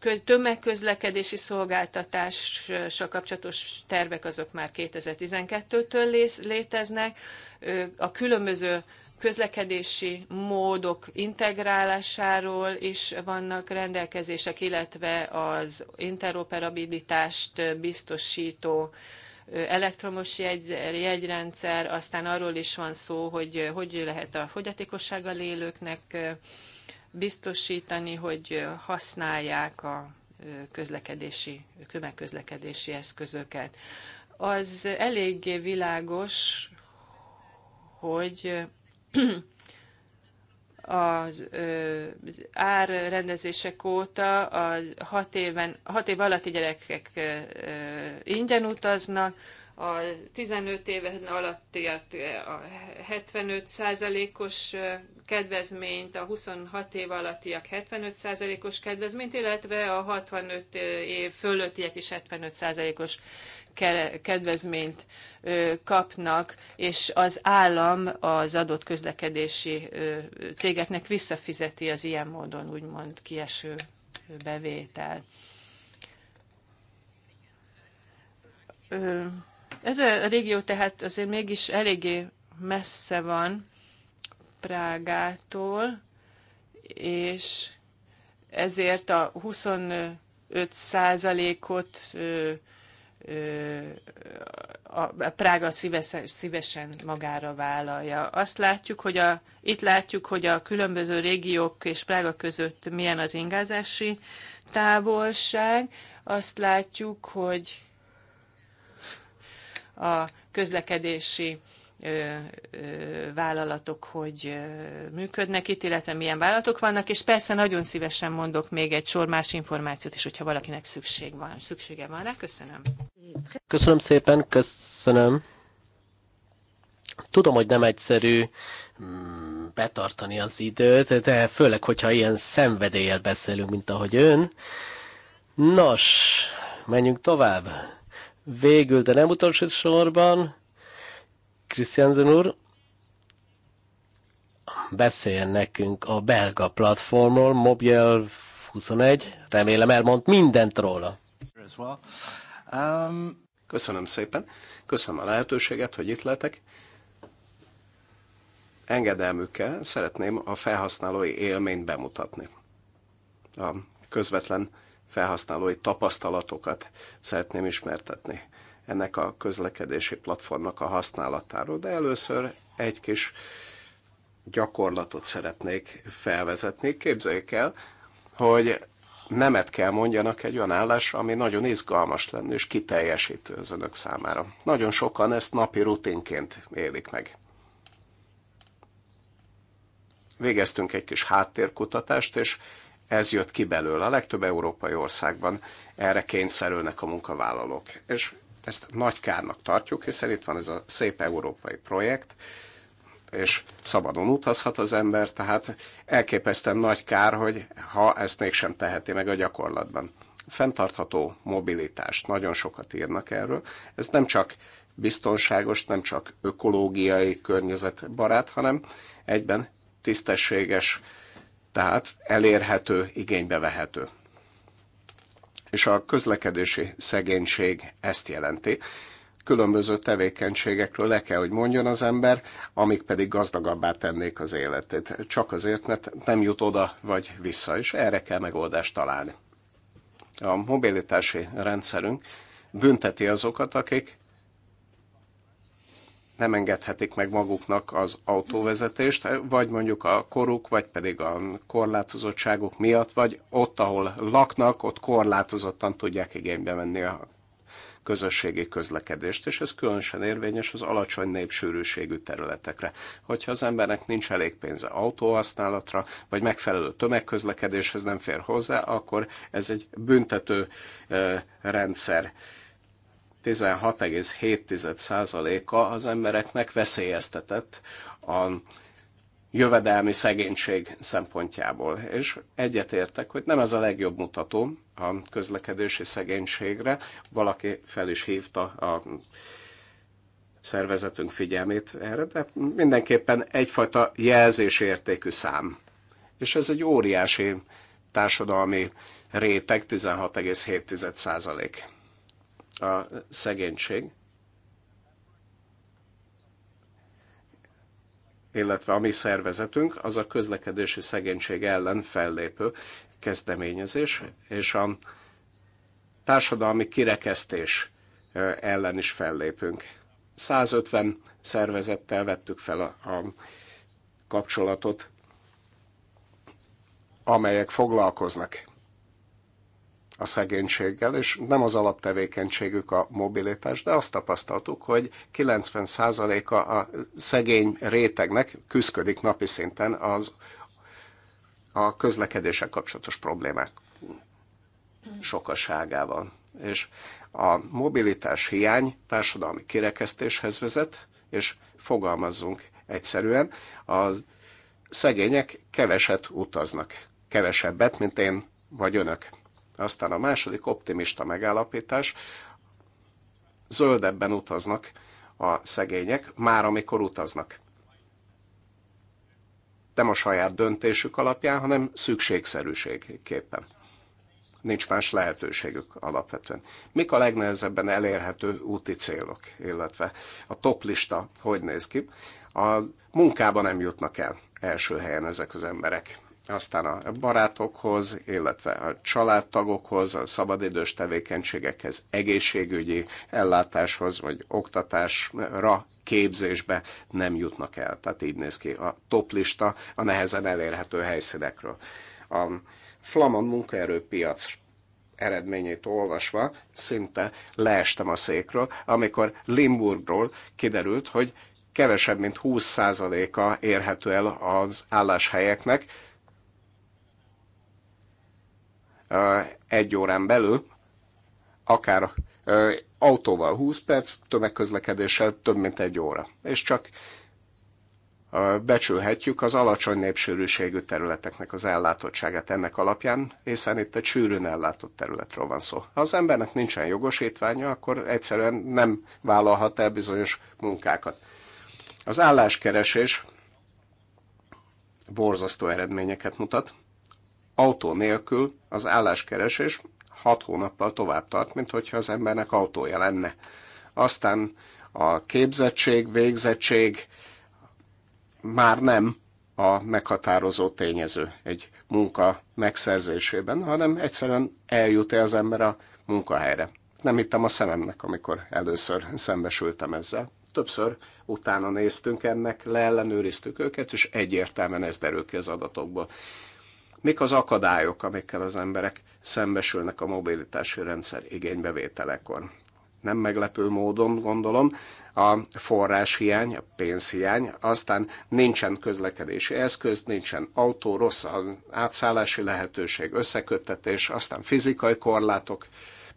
köz, tömegközlekedési szolgáltatással kapcsolatos tervek azok már 2012-től léteznek. A különböző közlekedési módok integrálásáról is vannak rendelkezések, illetve az interoperabilitást biztosító elektromos jegy, jegyrendszer, aztán arról is van szó, hogy hogy lehet a fogyatékossággal élőknek biztosítani, hogy használják a közlekedési, tömegközlekedési eszközöket. Az eléggé világos, hogy az, az árrendezések óta a hat, éven, hat év alatti gyerekek ingyen utaznak, a 15 év alatti a 75 os kedvezményt, a 26 év alattiak 75 os kedvezményt, illetve a 65 év fölöttiek is 75 os kedvezményt kapnak, és az állam az adott közlekedési cégeknek visszafizeti az ilyen módon úgymond kieső bevételt. Ez a régió tehát azért mégis eléggé messze van Prágától, és ezért a 25 százalékot a Prága szívesen, szívesen magára vállalja. Azt látjuk, hogy a, itt látjuk, hogy a különböző régiók és Prága között milyen az ingázási távolság. Azt látjuk, hogy a közlekedési vállalatok hogy működnek itt, illetve milyen vállalatok vannak, és persze nagyon szívesen mondok még egy sor más információt is, hogyha valakinek szükség van, szüksége van rá. Köszönöm. Köszönöm szépen, köszönöm. Tudom, hogy nem egyszerű mm, betartani az időt, de főleg, hogyha ilyen szenvedéllyel beszélünk, mint ahogy ön. Nos, menjünk tovább. Végül, de nem utolsó sorban, Christiansen úr beszéljen nekünk a belga platformról, Mobil 21, remélem elmond mindent róla. Um, köszönöm szépen, köszönöm a lehetőséget, hogy itt lehetek. Engedelmükkel szeretném a felhasználói élményt bemutatni. A közvetlen felhasználói tapasztalatokat szeretném ismertetni ennek a közlekedési platformnak a használatáról, de először egy kis gyakorlatot szeretnék felvezetni. Képzeljék el, hogy nemet kell mondjanak egy olyan állásra, ami nagyon izgalmas lenne és kiteljesítő az önök számára. Nagyon sokan ezt napi rutinként élik meg. Végeztünk egy kis háttérkutatást, és ez jött ki belőle. A legtöbb európai országban erre kényszerülnek a munkavállalók. És ezt nagy kárnak tartjuk, hiszen itt van ez a szép európai projekt, és szabadon utazhat az ember, tehát elképesztően nagy kár, hogy ha ezt mégsem teheti meg a gyakorlatban. Fentartható mobilitást nagyon sokat írnak erről. Ez nem csak biztonságos, nem csak ökológiai környezetbarát, hanem egyben tisztességes, tehát elérhető, igénybe vehető és a közlekedési szegénység ezt jelenti. Különböző tevékenységekről le kell, hogy mondjon az ember, amik pedig gazdagabbá tennék az életét. Csak azért, mert nem jut oda vagy vissza, és erre kell megoldást találni. A mobilitási rendszerünk bünteti azokat, akik nem engedhetik meg maguknak az autóvezetést, vagy mondjuk a koruk, vagy pedig a korlátozottságuk miatt, vagy ott, ahol laknak, ott korlátozottan tudják igénybe venni a közösségi közlekedést, és ez különösen érvényes az alacsony népsűrűségű területekre. Hogyha az embernek nincs elég pénze autóhasználatra, vagy megfelelő tömegközlekedéshez nem fér hozzá, akkor ez egy büntető eh, rendszer 16,7%-a az embereknek veszélyeztetett a jövedelmi szegénység szempontjából. És egyetértek, hogy nem ez a legjobb mutató a közlekedési szegénységre. Valaki fel is hívta a szervezetünk figyelmét erre, de mindenképpen egyfajta jelzésértékű szám. És ez egy óriási társadalmi réteg, 16,7 százalék a szegénység, illetve a mi szervezetünk, az a közlekedési szegénység ellen fellépő kezdeményezés, és a társadalmi kirekesztés ellen is fellépünk. 150 szervezettel vettük fel a, a kapcsolatot, amelyek foglalkoznak a szegénységgel, és nem az alaptevékenységük a mobilitás, de azt tapasztaltuk, hogy 90%-a a szegény rétegnek küzdik napi szinten az a közlekedéssel kapcsolatos problémák sokaságával. És a mobilitás hiány társadalmi kirekesztéshez vezet, és fogalmazzunk egyszerűen, a szegények keveset utaznak, kevesebbet, mint én vagy önök aztán a második optimista megállapítás, zöldebben utaznak a szegények, már amikor utaznak. Nem a saját döntésük alapján, hanem szükségszerűségképpen. Nincs más lehetőségük alapvetően. Mik a legnehezebben elérhető úti célok, illetve a toplista hogy néz ki? A munkába nem jutnak el első helyen ezek az emberek aztán a barátokhoz, illetve a családtagokhoz, a szabadidős tevékenységekhez, egészségügyi ellátáshoz, vagy oktatásra, képzésbe nem jutnak el. Tehát így néz ki a toplista a nehezen elérhető helyszínekről. A flamand munkaerőpiac eredményét olvasva szinte leestem a székről, amikor Limburgról kiderült, hogy kevesebb, mint 20%-a érhető el az álláshelyeknek, egy órán belül, akár autóval 20 perc, tömegközlekedéssel több mint egy óra. És csak becsülhetjük az alacsony népsűrűségű területeknek az ellátottságát ennek alapján, hiszen itt egy sűrűn ellátott területről van szó. Ha az embernek nincsen jogosítványa, akkor egyszerűen nem vállalhat el bizonyos munkákat. Az álláskeresés borzasztó eredményeket mutat autó nélkül az álláskeresés 6 hónappal tovább tart, mint hogyha az embernek autója lenne. Aztán a képzettség, végzettség már nem a meghatározó tényező egy munka megszerzésében, hanem egyszerűen eljut-e az ember a munkahelyre. Nem hittem a szememnek, amikor először szembesültem ezzel. Többször utána néztünk ennek, leellenőriztük őket, és egyértelműen ez derül ki az adatokból mik az akadályok, amikkel az emberek szembesülnek a mobilitási rendszer igénybevételekor. Nem meglepő módon, gondolom, a forráshiány, a pénzhiány, aztán nincsen közlekedési eszköz, nincsen autó, rossz az átszállási lehetőség, összeköttetés, aztán fizikai korlátok,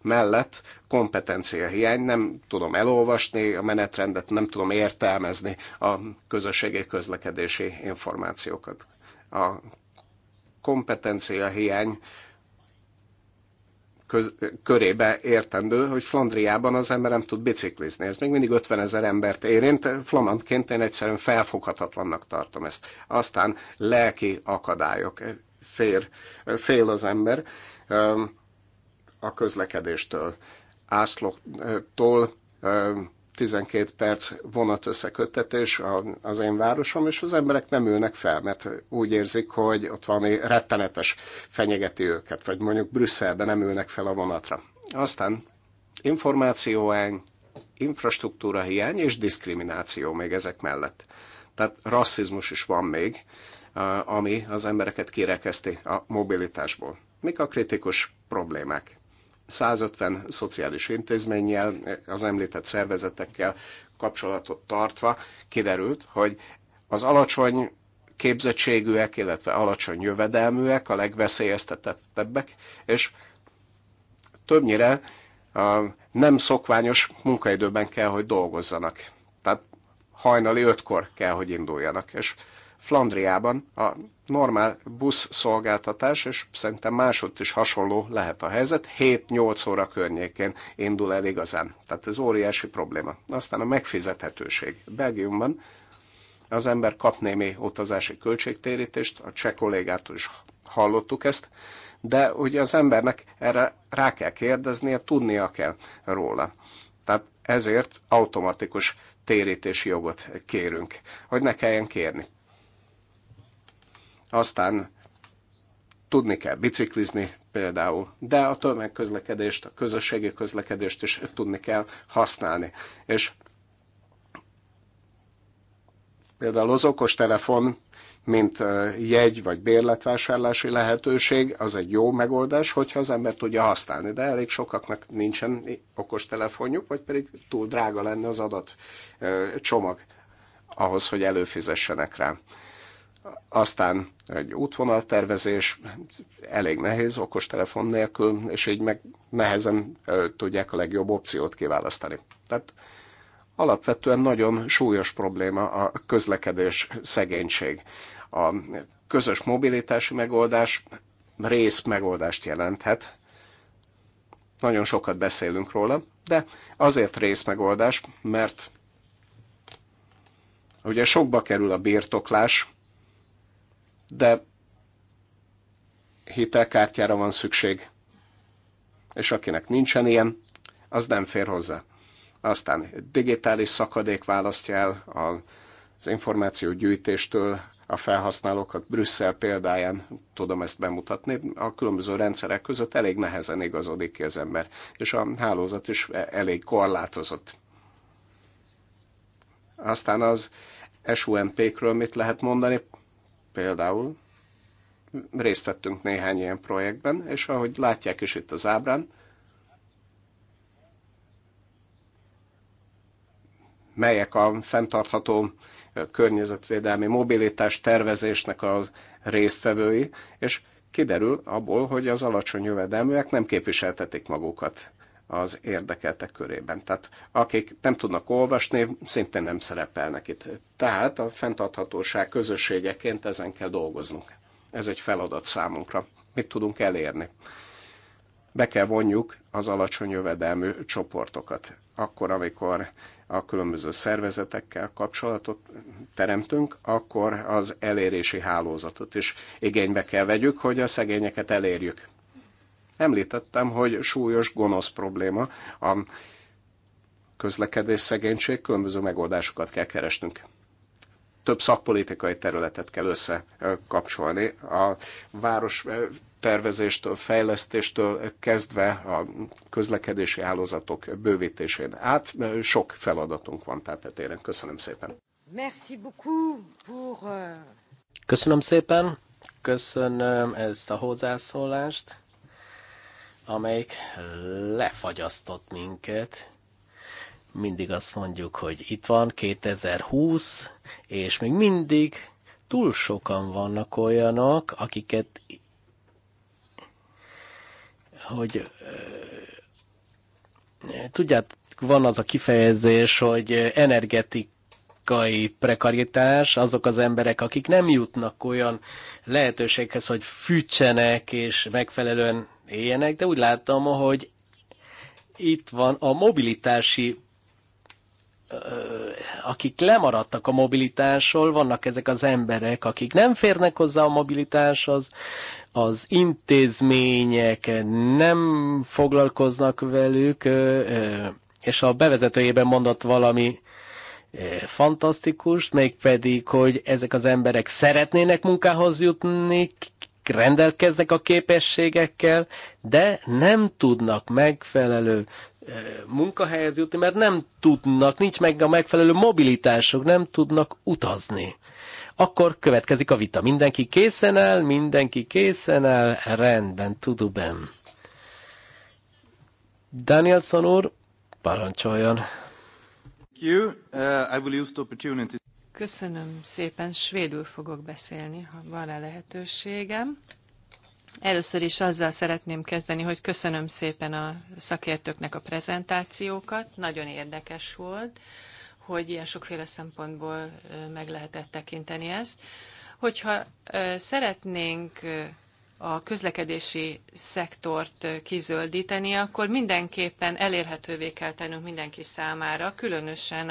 mellett kompetencia hiány, nem tudom elolvasni a menetrendet, nem tudom értelmezni a közösségi közlekedési információkat. A kompetenciahiány köz, körébe értendő, hogy Flandriában az ember nem tud biciklizni. Ez még mindig 50 ezer embert érint. Flamandként én egyszerűen felfoghatatlannak tartom ezt. Aztán lelki akadályok. Fér, fél az ember a közlekedéstől, ászlóktól, 12 perc vonat összeköttetés az én városom, és az emberek nem ülnek fel, mert úgy érzik, hogy ott valami rettenetes fenyegeti őket, vagy mondjuk Brüsszelben nem ülnek fel a vonatra. Aztán információány, infrastruktúra hiány és diszkrimináció még ezek mellett. Tehát rasszizmus is van még, ami az embereket kirekeszti a mobilitásból. Mik a kritikus problémák? 150 szociális intézménnyel, az említett szervezetekkel kapcsolatot tartva kiderült, hogy az alacsony képzettségűek, illetve alacsony jövedelműek a legveszélyeztetettebbek, és többnyire a nem szokványos munkaidőben kell, hogy dolgozzanak. Tehát hajnali ötkor kell, hogy induljanak. És Flandriában a normál busz szolgáltatás, és szerintem másodt is hasonló lehet a helyzet, 7-8 óra környékén indul el igazán. Tehát ez óriási probléma. Aztán a megfizethetőség. Belgiumban az ember kap némi utazási költségtérítést, a cseh kollégától is hallottuk ezt, de ugye az embernek erre rá kell kérdeznie, tudnia kell róla. Tehát ezért automatikus térítési jogot kérünk, hogy ne kelljen kérni. Aztán tudni kell biciklizni például, de a tömegközlekedést, a közösségi közlekedést is tudni kell használni. És például az okostelefon, mint jegy vagy bérletvásárlási lehetőség, az egy jó megoldás, hogyha az ember tudja használni, de elég sokaknak nincsen okostelefonjuk, vagy pedig túl drága lenne az adat csomag ahhoz, hogy előfizessenek rá. Aztán egy útvonaltervezés elég nehéz, okostelefon nélkül, és így meg nehezen tudják a legjobb opciót kiválasztani. Tehát alapvetően nagyon súlyos probléma a közlekedés szegénység. A közös mobilitási megoldás rész megoldást jelenthet. Nagyon sokat beszélünk róla, de azért rész megoldás, mert ugye sokba kerül a birtoklás, de hitelkártyára van szükség, és akinek nincsen ilyen, az nem fér hozzá. Aztán digitális szakadék választja el az gyűjtéstől a felhasználókat. Brüsszel példáján tudom ezt bemutatni, a különböző rendszerek között elég nehezen igazodik ki az ember, és a hálózat is e- elég korlátozott. Aztán az SUMP-kről mit lehet mondani? például részt vettünk néhány ilyen projektben, és ahogy látják is itt az ábrán, melyek a fenntartható környezetvédelmi mobilitás tervezésnek a résztvevői, és kiderül abból, hogy az alacsony jövedelműek nem képviseltetik magukat az érdekeltek körében. Tehát akik nem tudnak olvasni, szintén nem szerepelnek itt. Tehát a fenntarthatóság közösségeként ezen kell dolgoznunk. Ez egy feladat számunkra. Mit tudunk elérni? Be kell vonjuk az alacsony jövedelmű csoportokat. Akkor, amikor a különböző szervezetekkel kapcsolatot teremtünk, akkor az elérési hálózatot is igénybe kell vegyük, hogy a szegényeket elérjük Említettem, hogy súlyos gonosz probléma a közlekedés szegénység, különböző megoldásokat kell keresnünk. Több szakpolitikai területet kell összekapcsolni. A város tervezéstől, fejlesztéstől kezdve a közlekedési hálózatok bővítésén át sok feladatunk van tetetéren. Köszönöm szépen. Merci beaucoup pour... Köszönöm szépen, köszönöm ezt a hozzászólást amelyik lefagyasztott minket. Mindig azt mondjuk, hogy itt van 2020, és még mindig túl sokan vannak olyanok, akiket hogy tudjátok, van az a kifejezés, hogy energetik prekaritás, azok az emberek, akik nem jutnak olyan lehetőséghez, hogy fűtsenek és megfelelően éljenek, de úgy látom, hogy itt van a mobilitási akik lemaradtak a mobilitásról, vannak ezek az emberek, akik nem férnek hozzá a mobilitáshoz, az intézmények nem foglalkoznak velük, és a bevezetőjében mondott valami fantasztikus, mégpedig, hogy ezek az emberek szeretnének munkához jutni, rendelkeznek a képességekkel, de nem tudnak megfelelő eh, munkahelyhez jutni, mert nem tudnak, nincs meg a megfelelő mobilitásuk, nem tudnak utazni. Akkor következik a vita. Mindenki készen áll, mindenki készen áll, rendben, tudubem. Danielson úr, parancsoljon. Thank you. Uh, I will use the opportunity. Köszönöm szépen, svédül fogok beszélni, ha van rá lehetőségem. Először is azzal szeretném kezdeni, hogy köszönöm szépen a szakértőknek a prezentációkat, nagyon érdekes volt, hogy ilyen sokféle szempontból meg lehetett tekinteni ezt. Hogyha szeretnénk a közlekedési szektort kizöldíteni, akkor mindenképpen elérhetővé kell tennünk mindenki számára, különösen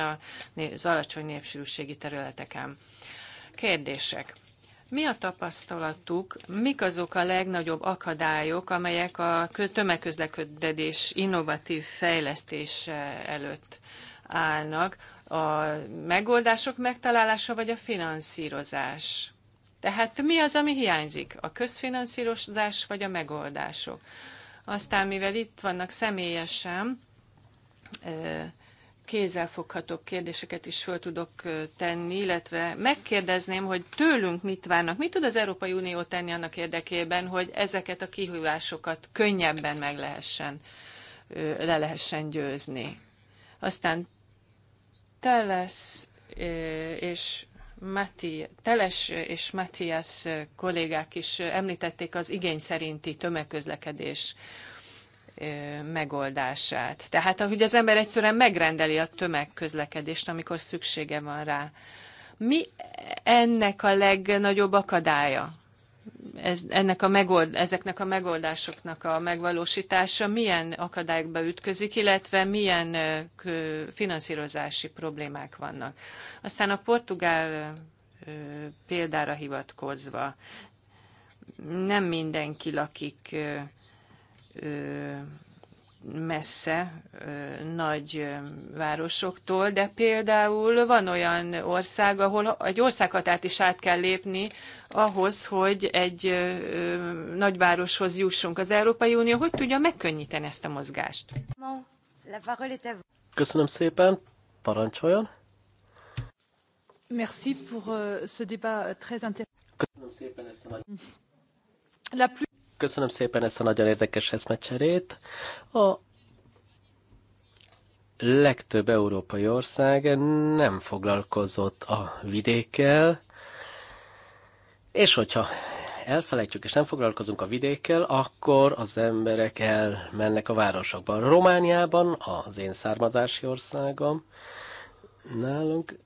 az alacsony népsűrűségi területeken. Kérdések. Mi a tapasztalatuk, mik azok a legnagyobb akadályok, amelyek a tömegközlekedés innovatív fejlesztés előtt állnak? A megoldások megtalálása vagy a finanszírozás? Tehát mi az, ami hiányzik? A közfinanszírozás vagy a megoldások? Aztán, mivel itt vannak személyesen, kézzelfogható kérdéseket is föl tudok tenni, illetve megkérdezném, hogy tőlünk mit várnak, mit tud az Európai Unió tenni annak érdekében, hogy ezeket a kihívásokat könnyebben meg lehessen, le lehessen győzni. Aztán te lesz és Mati, Teles és Matthias kollégák is említették az igény szerinti tömegközlekedés megoldását. Tehát, ahogy az ember egyszerűen megrendeli a tömegközlekedést, amikor szüksége van rá. Mi ennek a legnagyobb akadálya? ez, ennek a megold, ezeknek a megoldásoknak a megvalósítása milyen akadályokba ütközik, illetve milyen finanszírozási problémák vannak. Aztán a portugál példára hivatkozva, nem mindenki lakik messze nagy városoktól, de például van olyan ország, ahol egy országhatárt is át kell lépni ahhoz, hogy egy nagyvároshoz jussunk. Az Európai Unió hogy tudja megkönnyíteni ezt a mozgást? Köszönöm szépen, parancsoljon! Merci pour euh, ce débat euh, très intéressant. Köszönöm szépen ezt a nagy... Köszönöm szépen ezt a nagyon érdekes eszmecserét. A legtöbb európai ország nem foglalkozott a vidékkel, és hogyha elfelejtjük és nem foglalkozunk a vidékkel, akkor az emberek elmennek a városokban. Romániában, az én származási országom, nálunk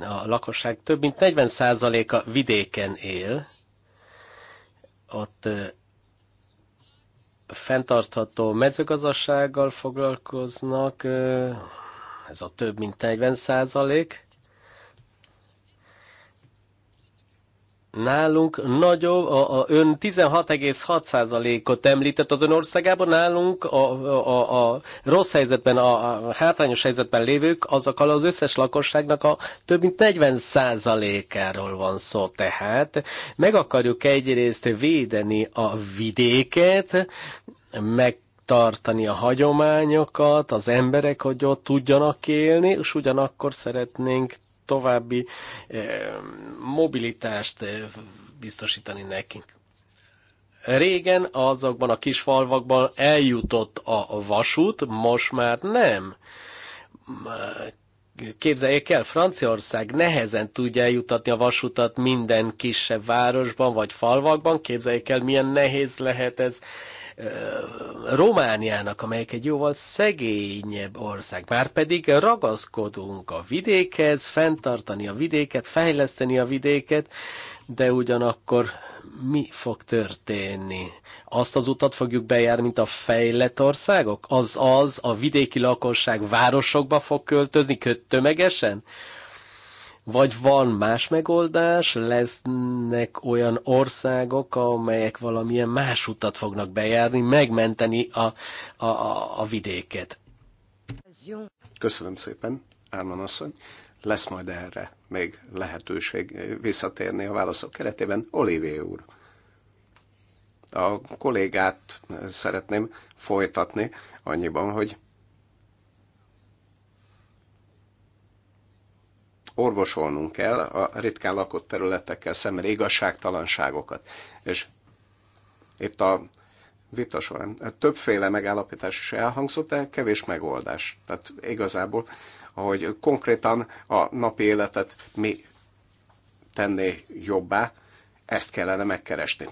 a lakosság több mint 40%-a vidéken él, ott fenntartható mezőgazdasággal foglalkoznak, ez a több mint 40 százalék, Nálunk nagyobb, a, a ön 16,6%-ot említett az ön országában, nálunk a, a, a rossz helyzetben, a, a hátrányos helyzetben lévők, azokkal az összes lakosságnak a több mint 40%-áról van szó. Tehát meg akarjuk egyrészt védeni a vidéket, meg tartani a hagyományokat, az emberek, hogy ott tudjanak élni, és ugyanakkor szeretnénk további eh, mobilitást eh, biztosítani nekünk. Régen azokban a kis falvakban eljutott a vasút, most már nem képzeljék el, Franciaország nehezen tudja eljutatni a vasutat minden kisebb városban vagy falvakban, képzeljék el, milyen nehéz lehet ez Romániának, amelyik egy jóval szegényebb ország. pedig ragaszkodunk a vidékhez, fenntartani a vidéket, fejleszteni a vidéket, de ugyanakkor mi fog történni? Azt az utat fogjuk bejárni, mint a fejlett országok? Az az a vidéki lakosság városokba fog költözni tömegesen? Vagy van más megoldás, lesznek olyan országok, amelyek valamilyen más utat fognak bejárni, megmenteni a, a, a, a vidéket. Köszönöm szépen, Árman asszony. Lesz majd erre még lehetőség visszatérni a válaszok keretében. Olivé úr a kollégát szeretném folytatni annyiban, hogy orvosolnunk kell a ritkán lakott területekkel szemben igazságtalanságokat. És itt a vita során többféle megállapítás is elhangzott, de kevés megoldás. Tehát igazából, hogy konkrétan a napi életet mi tenné jobbá, ezt kellene megkeresni.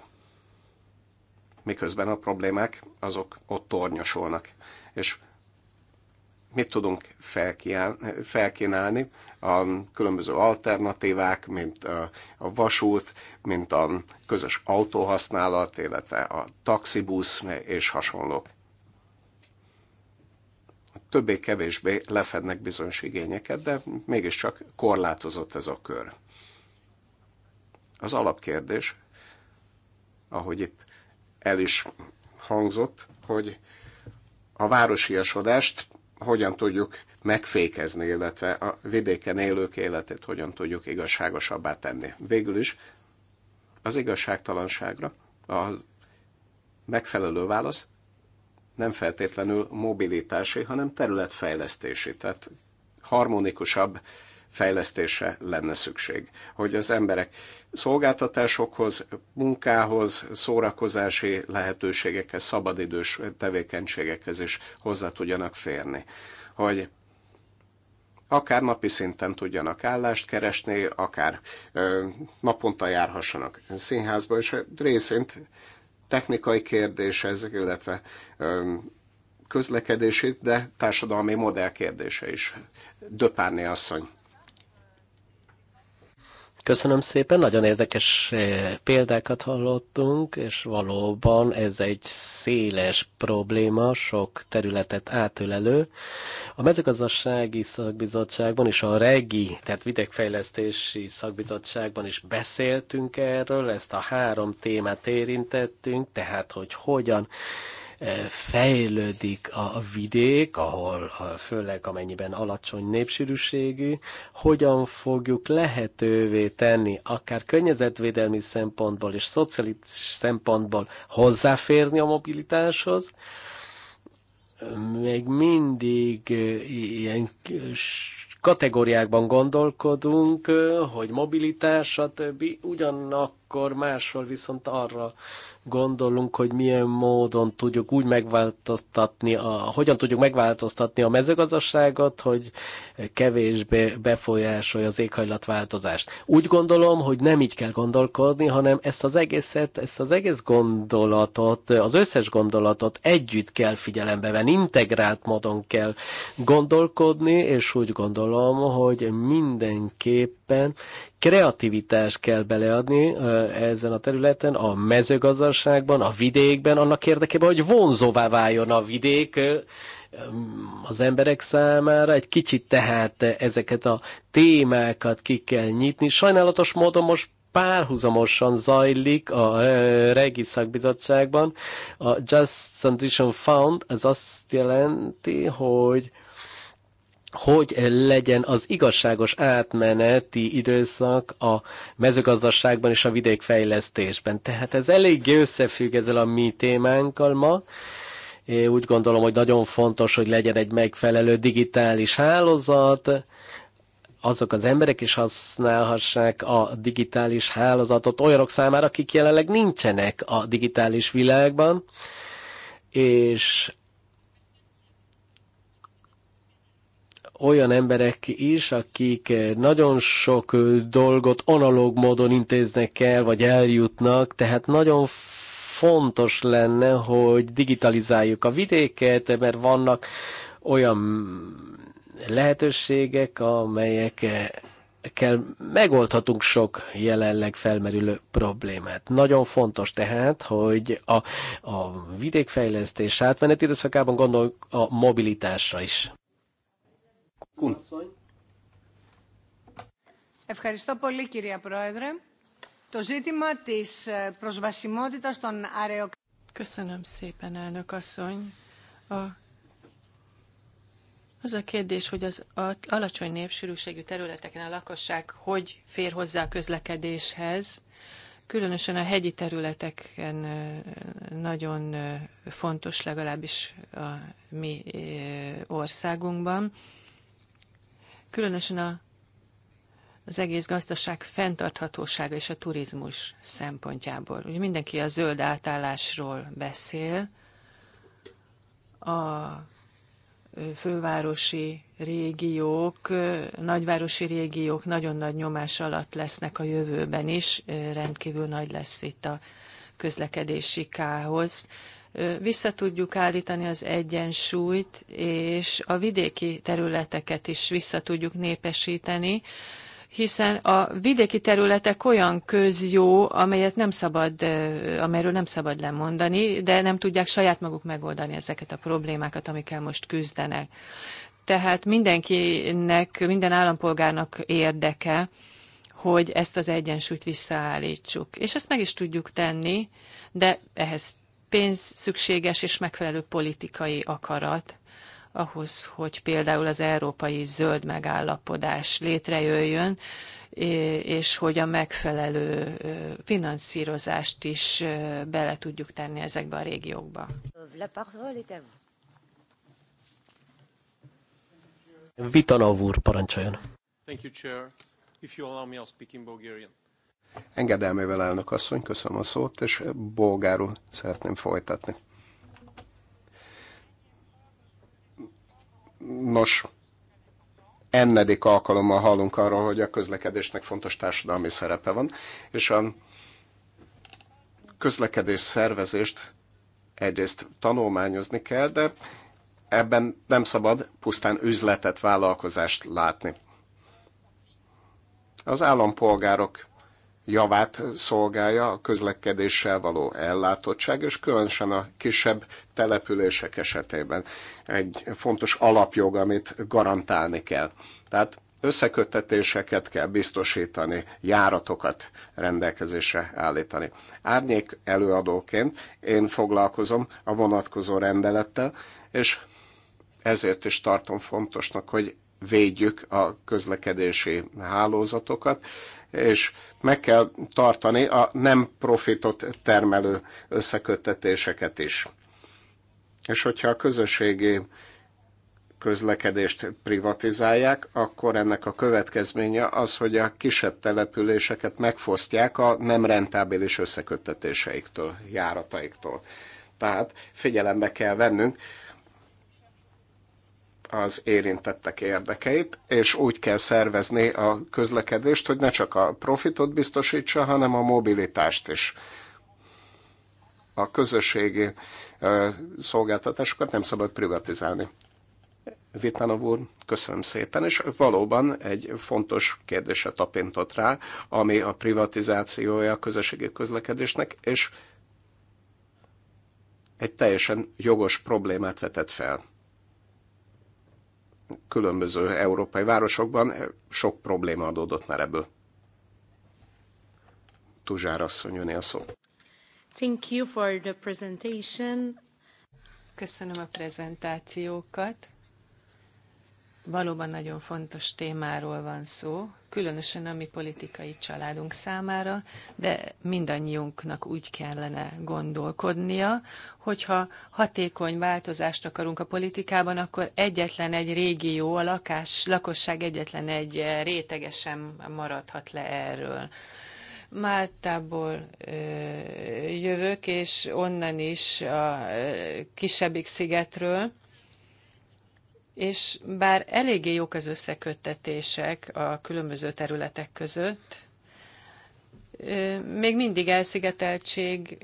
Miközben a problémák azok ott tornyosolnak. És mit tudunk felkínálni, a különböző alternatívák, mint a vasút, mint a közös autóhasználat, illetve a taxibusz és hasonlók. Többé-kevésbé lefednek bizonyos igényeket, de mégiscsak korlátozott ez a kör. Az alapkérdés, ahogy itt el is hangzott, hogy a városiasodást hogyan tudjuk megfékezni, illetve a vidéken élők életét hogyan tudjuk igazságosabbá tenni. Végül is az igazságtalanságra a megfelelő válasz nem feltétlenül mobilitási, hanem területfejlesztési, tehát harmonikusabb fejlesztésre lenne szükség. Hogy az emberek szolgáltatásokhoz, munkához, szórakozási lehetőségekhez, szabadidős tevékenységekhez is hozzá tudjanak férni. Hogy akár napi szinten tudjanak állást keresni, akár ö, naponta járhassanak színházba, és részint technikai kérdés ez, illetve ö, közlekedési, de társadalmi modell kérdése is. Döpárni asszony. Köszönöm szépen, nagyon érdekes eh, példákat hallottunk, és valóban ez egy széles probléma, sok területet átölelő. A mezőgazdasági szakbizottságban és a regi, tehát vidékfejlesztési szakbizottságban is beszéltünk erről, ezt a három témát érintettünk, tehát hogy hogyan fejlődik a vidék, ahol főleg amennyiben alacsony népsűrűségű, hogyan fogjuk lehetővé tenni, akár környezetvédelmi szempontból és szociális szempontból hozzáférni a mobilitáshoz, még mindig ilyen kategóriákban gondolkodunk, hogy mobilitás, stb. Ugyanakkor máshol viszont arra gondolunk, hogy milyen módon tudjuk úgy megváltoztatni, a, hogyan tudjuk megváltoztatni a mezőgazdaságot, hogy kevésbé befolyásolja az éghajlatváltozást. Úgy gondolom, hogy nem így kell gondolkodni, hanem ezt az egészet, ezt az egész gondolatot, az összes gondolatot együtt kell figyelembe venni, integrált módon kell gondolkodni, és úgy gondolom, hogy mindenképpen kreativitást kell beleadni ezen a területen, a mezőgazdaságban, a vidékben, annak érdekében, hogy vonzóvá váljon a vidék az emberek számára. Egy kicsit tehát ezeket a témákat ki kell nyitni. Sajnálatos módon most párhuzamosan zajlik a Regi Szakbizottságban. A Just Transition Fund, ez azt jelenti, hogy hogy legyen az igazságos átmeneti időszak a mezőgazdaságban és a vidékfejlesztésben. Tehát ez eléggé összefügg ezzel a mi témánkkal ma. Én úgy gondolom, hogy nagyon fontos, hogy legyen egy megfelelő digitális hálózat, azok az emberek is használhassák a digitális hálózatot olyanok számára, akik jelenleg nincsenek a digitális világban, és olyan emberek is, akik nagyon sok dolgot analóg módon intéznek el, vagy eljutnak, tehát nagyon fontos lenne, hogy digitalizáljuk a vidéket, mert vannak olyan lehetőségek, amelyek kell megoldhatunk sok jelenleg felmerülő problémát. Nagyon fontos tehát, hogy a, a vidékfejlesztés átmeneti időszakában gondolok a mobilitásra is. Ευχαριστώ πολύ κυρία Πρόεδρε. Το ζήτημα των αραιοκρατών... Köszönöm szépen, elnök asszony. A az a kérdés, hogy az alacsony népsűrűségű területeken a lakosság hogy fér hozzá a közlekedéshez, különösen a hegyi területeken nagyon fontos, legalábbis a mi országunkban különösen a, az egész gazdaság fenntarthatósága és a turizmus szempontjából. Ugye mindenki a zöld átállásról beszél, a fővárosi régiók, nagyvárosi régiók nagyon nagy nyomás alatt lesznek a jövőben is, rendkívül nagy lesz itt a közlekedési káosz, vissza tudjuk állítani az egyensúlyt, és a vidéki területeket is vissza tudjuk népesíteni, hiszen a vidéki területek olyan közjó, amelyet nem szabad, amelyről nem szabad lemondani, de nem tudják saját maguk megoldani ezeket a problémákat, amikkel most küzdenek. Tehát mindenkinek, minden állampolgárnak érdeke, hogy ezt az egyensúlyt visszaállítsuk. És ezt meg is tudjuk tenni, de ehhez pénz szükséges és megfelelő politikai akarat ahhoz, hogy például az európai zöld megállapodás létrejöjjön, és hogy a megfelelő finanszírozást is bele tudjuk tenni ezekbe a régiókba. Vitanov úr, parancsoljon. Thank you, Chair. If you allow me, I'll speak in Bulgarian. Engedelmével elnök asszony, köszönöm a szót, és bolgárul szeretném folytatni. Nos, ennedik alkalommal hallunk arról, hogy a közlekedésnek fontos társadalmi szerepe van, és a közlekedés szervezést egyrészt tanulmányozni kell, de ebben nem szabad pusztán üzletet, vállalkozást látni. Az állampolgárok javát szolgálja a közlekedéssel való ellátottság, és különösen a kisebb települések esetében egy fontos alapjog, amit garantálni kell. Tehát összeköttetéseket kell biztosítani, járatokat rendelkezésre állítani. Árnyék előadóként én foglalkozom a vonatkozó rendelettel, és ezért is tartom fontosnak, hogy védjük a közlekedési hálózatokat, és meg kell tartani a nem profitot termelő összeköttetéseket is. És hogyha a közösségi közlekedést privatizálják, akkor ennek a következménye az, hogy a kisebb településeket megfosztják a nem rentábilis összeköttetéseiktől, járataiktól. Tehát figyelembe kell vennünk az érintettek érdekeit, és úgy kell szervezni a közlekedést, hogy ne csak a profitot biztosítsa, hanem a mobilitást is. A közösségi szolgáltatásokat nem szabad privatizálni. Vitánov úr, köszönöm szépen, és valóban egy fontos kérdésre tapintott rá, ami a privatizációja a közösségi közlekedésnek, és egy teljesen jogos problémát vetett fel különböző európai városokban eh, sok probléma adódott már ebből. Tuzsár asszony, jönni a szó. Thank you for the presentation. Köszönöm a prezentációkat. Valóban nagyon fontos témáról van szó, különösen a mi politikai családunk számára, de mindannyiunknak úgy kellene gondolkodnia, hogyha hatékony változást akarunk a politikában, akkor egyetlen egy régió, a lakás, lakosság egyetlen egy rétege sem maradhat le erről. Máltából jövök, és onnan is a kisebbik szigetről és bár eléggé jók az összeköttetések a különböző területek között, még mindig elszigeteltség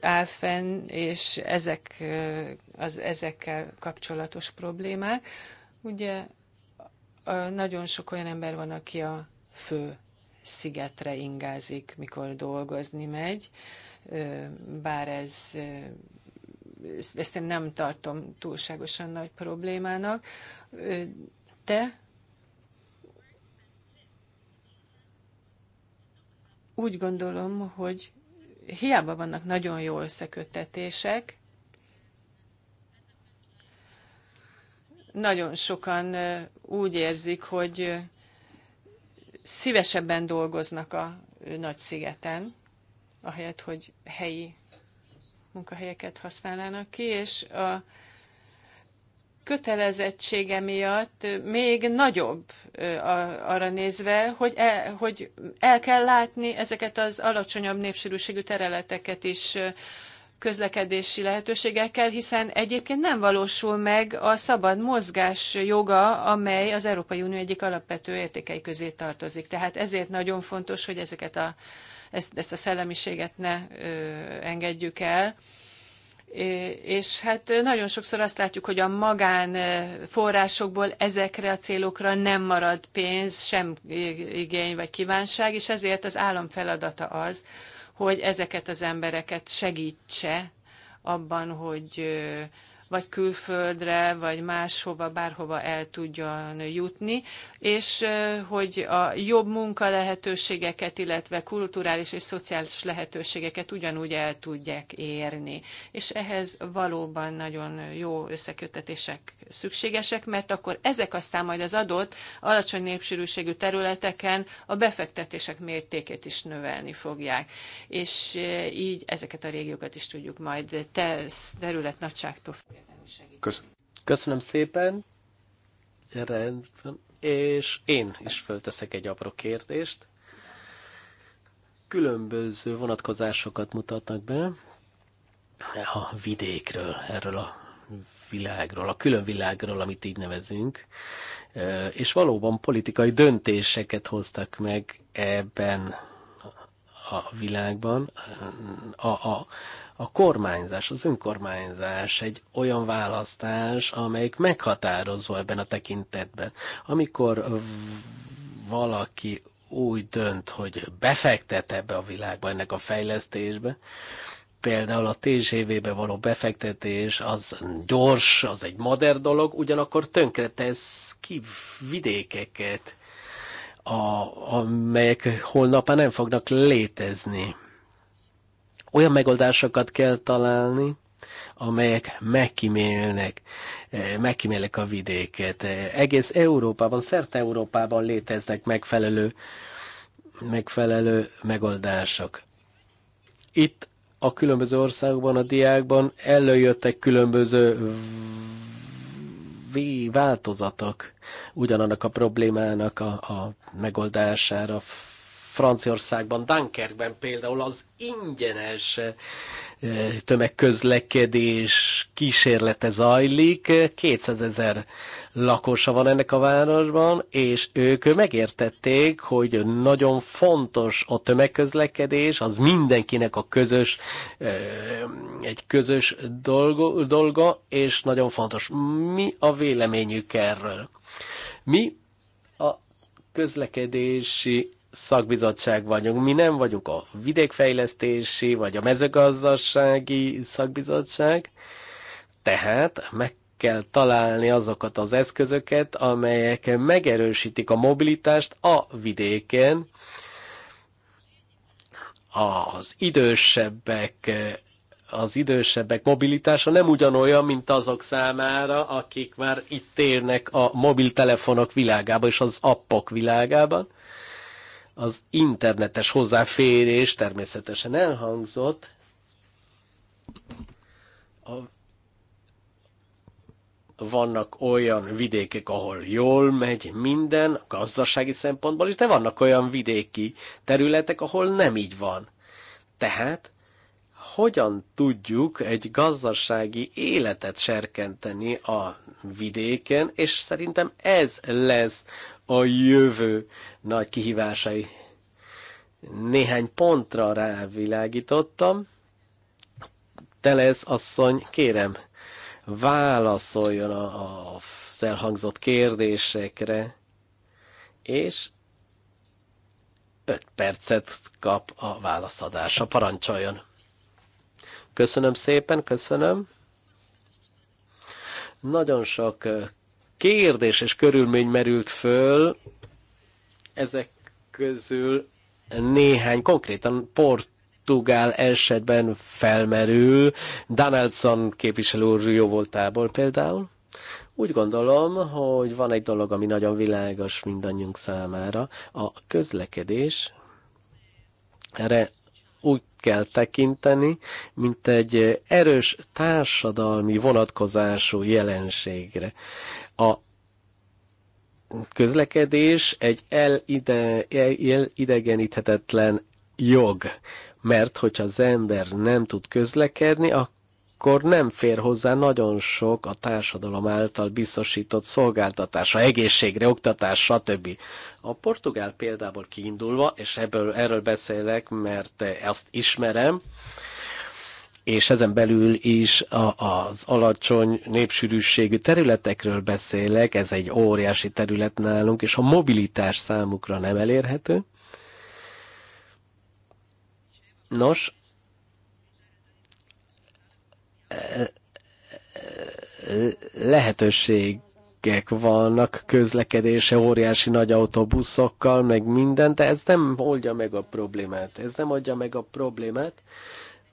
áll fenn, és ezek, az ezekkel kapcsolatos problémák. Ugye nagyon sok olyan ember van, aki a fő szigetre ingázik, mikor dolgozni megy, bár ez ezt én nem tartom túlságosan nagy problémának, de úgy gondolom, hogy hiába vannak nagyon jó összeköttetések, nagyon sokan úgy érzik, hogy szívesebben dolgoznak a nagy szigeten, ahelyett, hogy helyi munkahelyeket használnának ki, és a kötelezettsége miatt még nagyobb arra nézve, hogy el, hogy el kell látni ezeket az alacsonyabb népsűrűségű területeket is közlekedési lehetőségekkel, hiszen egyébként nem valósul meg a szabad mozgás joga, amely az Európai Unió egyik alapvető értékei közé tartozik. Tehát ezért nagyon fontos, hogy ezeket a ezt, ezt a szellemiséget ne ö, engedjük el. És hát nagyon sokszor azt látjuk, hogy a magán forrásokból ezekre a célokra nem marad pénz, sem igény vagy kívánság, és ezért az állam feladata az, hogy ezeket az embereket segítse abban, hogy vagy külföldre, vagy máshova, bárhova el tudjon jutni, és hogy a jobb munka lehetőségeket, illetve kulturális és szociális lehetőségeket ugyanúgy el tudják érni. És ehhez valóban nagyon jó összekötetések szükségesek, mert akkor ezek aztán majd az adott alacsony népsűrűségű területeken a befektetések mértékét is növelni fogják. És így ezeket a régiókat is tudjuk majd terület nagyságtól Köszönöm. Köszönöm szépen. Rendben. És én is fölteszek egy apró kérdést. Különböző vonatkozásokat mutatnak be a vidékről, erről a világról, a külön világról, amit így nevezünk, és valóban politikai döntéseket hoztak meg ebben a világban. A, a a kormányzás, az önkormányzás egy olyan választás, amelyik meghatározó ebben a tekintetben. Amikor valaki úgy dönt, hogy befektet ebbe a világba, ennek a fejlesztésbe, például a TGV-be való befektetés az gyors, az egy modern dolog, ugyanakkor tönkretesz ki vidékeket, a, amelyek holnapán nem fognak létezni olyan megoldásokat kell találni, amelyek megkímélnek, eh, megkímélnek a vidéket. Eh, egész Európában, szerte Európában léteznek megfelelő, megfelelő megoldások. Itt a különböző országban, a diákban előjöttek különböző változatok ugyanannak a problémának a, a megoldására, Franciaországban, Dunkerkben például az ingyenes eh, tömegközlekedés kísérlete zajlik, 200 ezer lakosa van ennek a városban, és ők megértették, hogy nagyon fontos a tömegközlekedés, az mindenkinek a közös, eh, egy közös dolgo, dolga, és nagyon fontos. Mi a véleményük erről? Mi a közlekedési szakbizottság vagyunk. Mi nem vagyunk a vidékfejlesztési vagy a mezőgazdasági szakbizottság, tehát meg kell találni azokat az eszközöket, amelyek megerősítik a mobilitást a vidéken, az idősebbek az idősebbek mobilitása nem ugyanolyan, mint azok számára, akik már itt érnek a mobiltelefonok világába és az appok világában. Az internetes hozzáférés természetesen elhangzott. A vannak olyan vidékek, ahol jól megy minden, gazdasági szempontból is, de vannak olyan vidéki területek, ahol nem így van. Tehát hogyan tudjuk egy gazdasági életet serkenteni a vidéken, és szerintem ez lesz a jövő nagy kihívásai. Néhány pontra rávilágítottam. Te lesz, asszony, kérem, válaszoljon a, az elhangzott kérdésekre, és 5 percet kap a válaszadása Parancsoljon! Köszönöm szépen, köszönöm. Nagyon sok kérdés és körülmény merült föl. Ezek közül néhány konkrétan port portugál esetben felmerül, Donaldson képviselő úr jó voltából például. Úgy gondolom, hogy van egy dolog, ami nagyon világos mindannyiunk számára. A közlekedés erre úgy kell tekinteni, mint egy erős társadalmi vonatkozású jelenségre. A közlekedés egy elide, elidegeníthetetlen jog, mert hogyha az ember nem tud közlekedni, akkor akkor nem fér hozzá nagyon sok a társadalom által biztosított szolgáltatása, egészségre, oktatás, stb. A portugál példából kiindulva, és ebből, erről beszélek, mert ezt ismerem, és ezen belül is a, az alacsony népsűrűségű területekről beszélek, ez egy óriási terület nálunk, és a mobilitás számukra nem elérhető. Nos, lehetőség vannak, közlekedése óriási nagy autóbuszokkal, meg minden, de ez nem oldja meg a problémát. Ez nem oldja meg a problémát,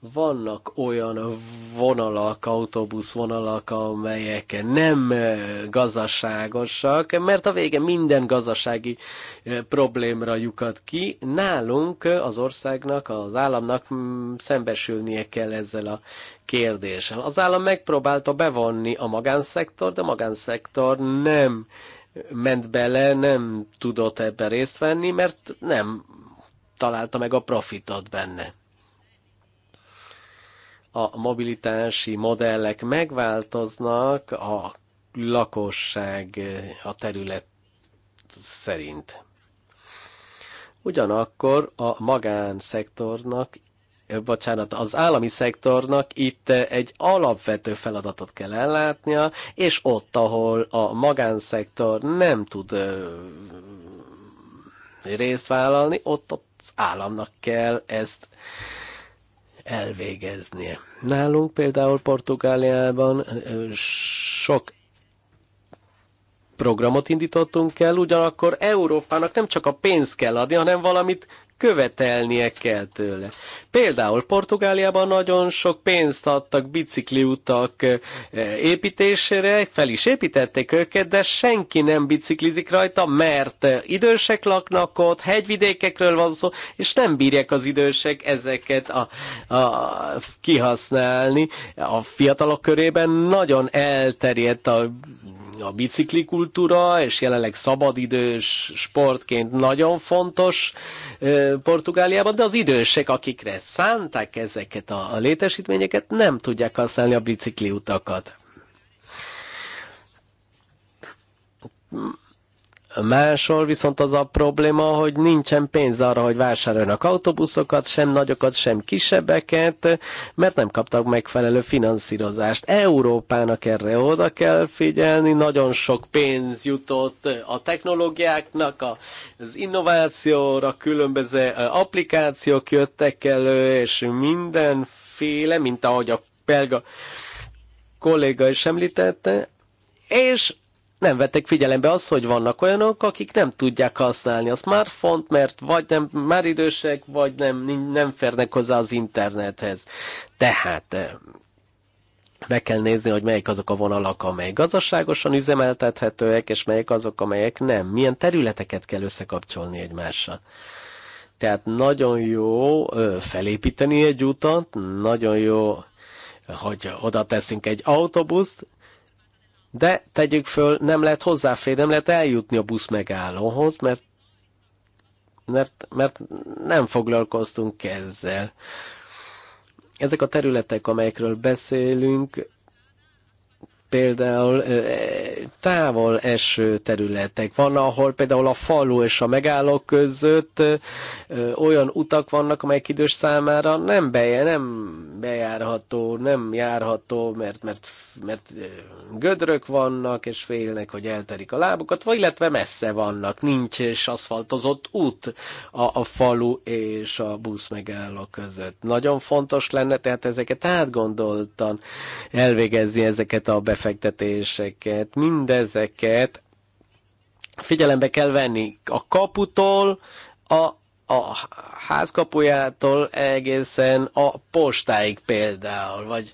vannak olyan vonalak, autóbuszvonalak, amelyek nem eh, gazdaságosak, mert a vége minden gazdasági eh, problémra lyukad ki. Nálunk eh, az országnak, az államnak mm, szembesülnie kell ezzel a kérdéssel. Az állam megpróbálta bevonni a magánszektor, de a magánszektor nem ment bele, nem tudott ebbe részt venni, mert nem találta meg a profitot benne a mobilitási modellek megváltoznak a lakosság a terület szerint. Ugyanakkor a magánszektornak, bocsánat, az állami szektornak itt egy alapvető feladatot kell ellátnia, és ott, ahol a magánszektor nem tud részt vállalni, ott az államnak kell ezt elvégeznie. Nálunk például Portugáliában sok programot indítottunk el, ugyanakkor Európának nem csak a pénzt kell adni, hanem valamit követelnie kell tőle. Például Portugáliában nagyon sok pénzt adtak bicikliutak építésére, fel is építették őket, de senki nem biciklizik rajta, mert idősek laknak ott, hegyvidékekről van szó, és nem bírják az idősek ezeket a, a kihasználni. A fiatalok körében nagyon elterjedt a a biciklikultúra, és jelenleg szabadidős sportként nagyon fontos ö, Portugáliában, de az idősek, akikre szánták ezeket a létesítményeket, nem tudják használni a bicikliutakat Máshol viszont az a probléma, hogy nincsen pénz arra, hogy vásároljanak autóbuszokat, sem nagyokat, sem kisebbeket, mert nem kaptak megfelelő finanszírozást. Európának erre oda kell figyelni, nagyon sok pénz jutott a technológiáknak, az innovációra, különböző applikációk jöttek elő, és mindenféle, mint ahogy a belga kolléga is említette, és nem vettek figyelembe azt, hogy vannak olyanok, akik nem tudják használni a smartphone-t, mert vagy nem, már idősek, vagy nem, nem férnek hozzá az internethez. Tehát eh, meg kell nézni, hogy melyik azok a vonalak, amelyek gazdaságosan üzemeltethetőek, és melyik azok, amelyek nem. Milyen területeket kell összekapcsolni egymással. Tehát nagyon jó felépíteni egy utat, nagyon jó, hogy oda teszünk egy autóbuszt, de tegyük föl, nem lehet hozzáférni, nem lehet eljutni a busz megállóhoz, mert, mert, mert nem foglalkoztunk ezzel. Ezek a területek, amelyekről beszélünk, például távol eső területek. Van, ahol például a falu és a megálló között olyan utak vannak, amelyek idős számára nem, beje, nem bejárható, nem járható, mert, mert, mert gödrök vannak, és félnek, hogy elterik a lábukat, vagy illetve messze vannak, nincs és aszfaltozott út a, a falu és a busz megálló között. Nagyon fontos lenne tehát ezeket átgondoltan elvégezni ezeket a befektetéseket befektetéseket, mindezeket figyelembe kell venni a kaputól, a a házkapujától egészen a postáig például, vagy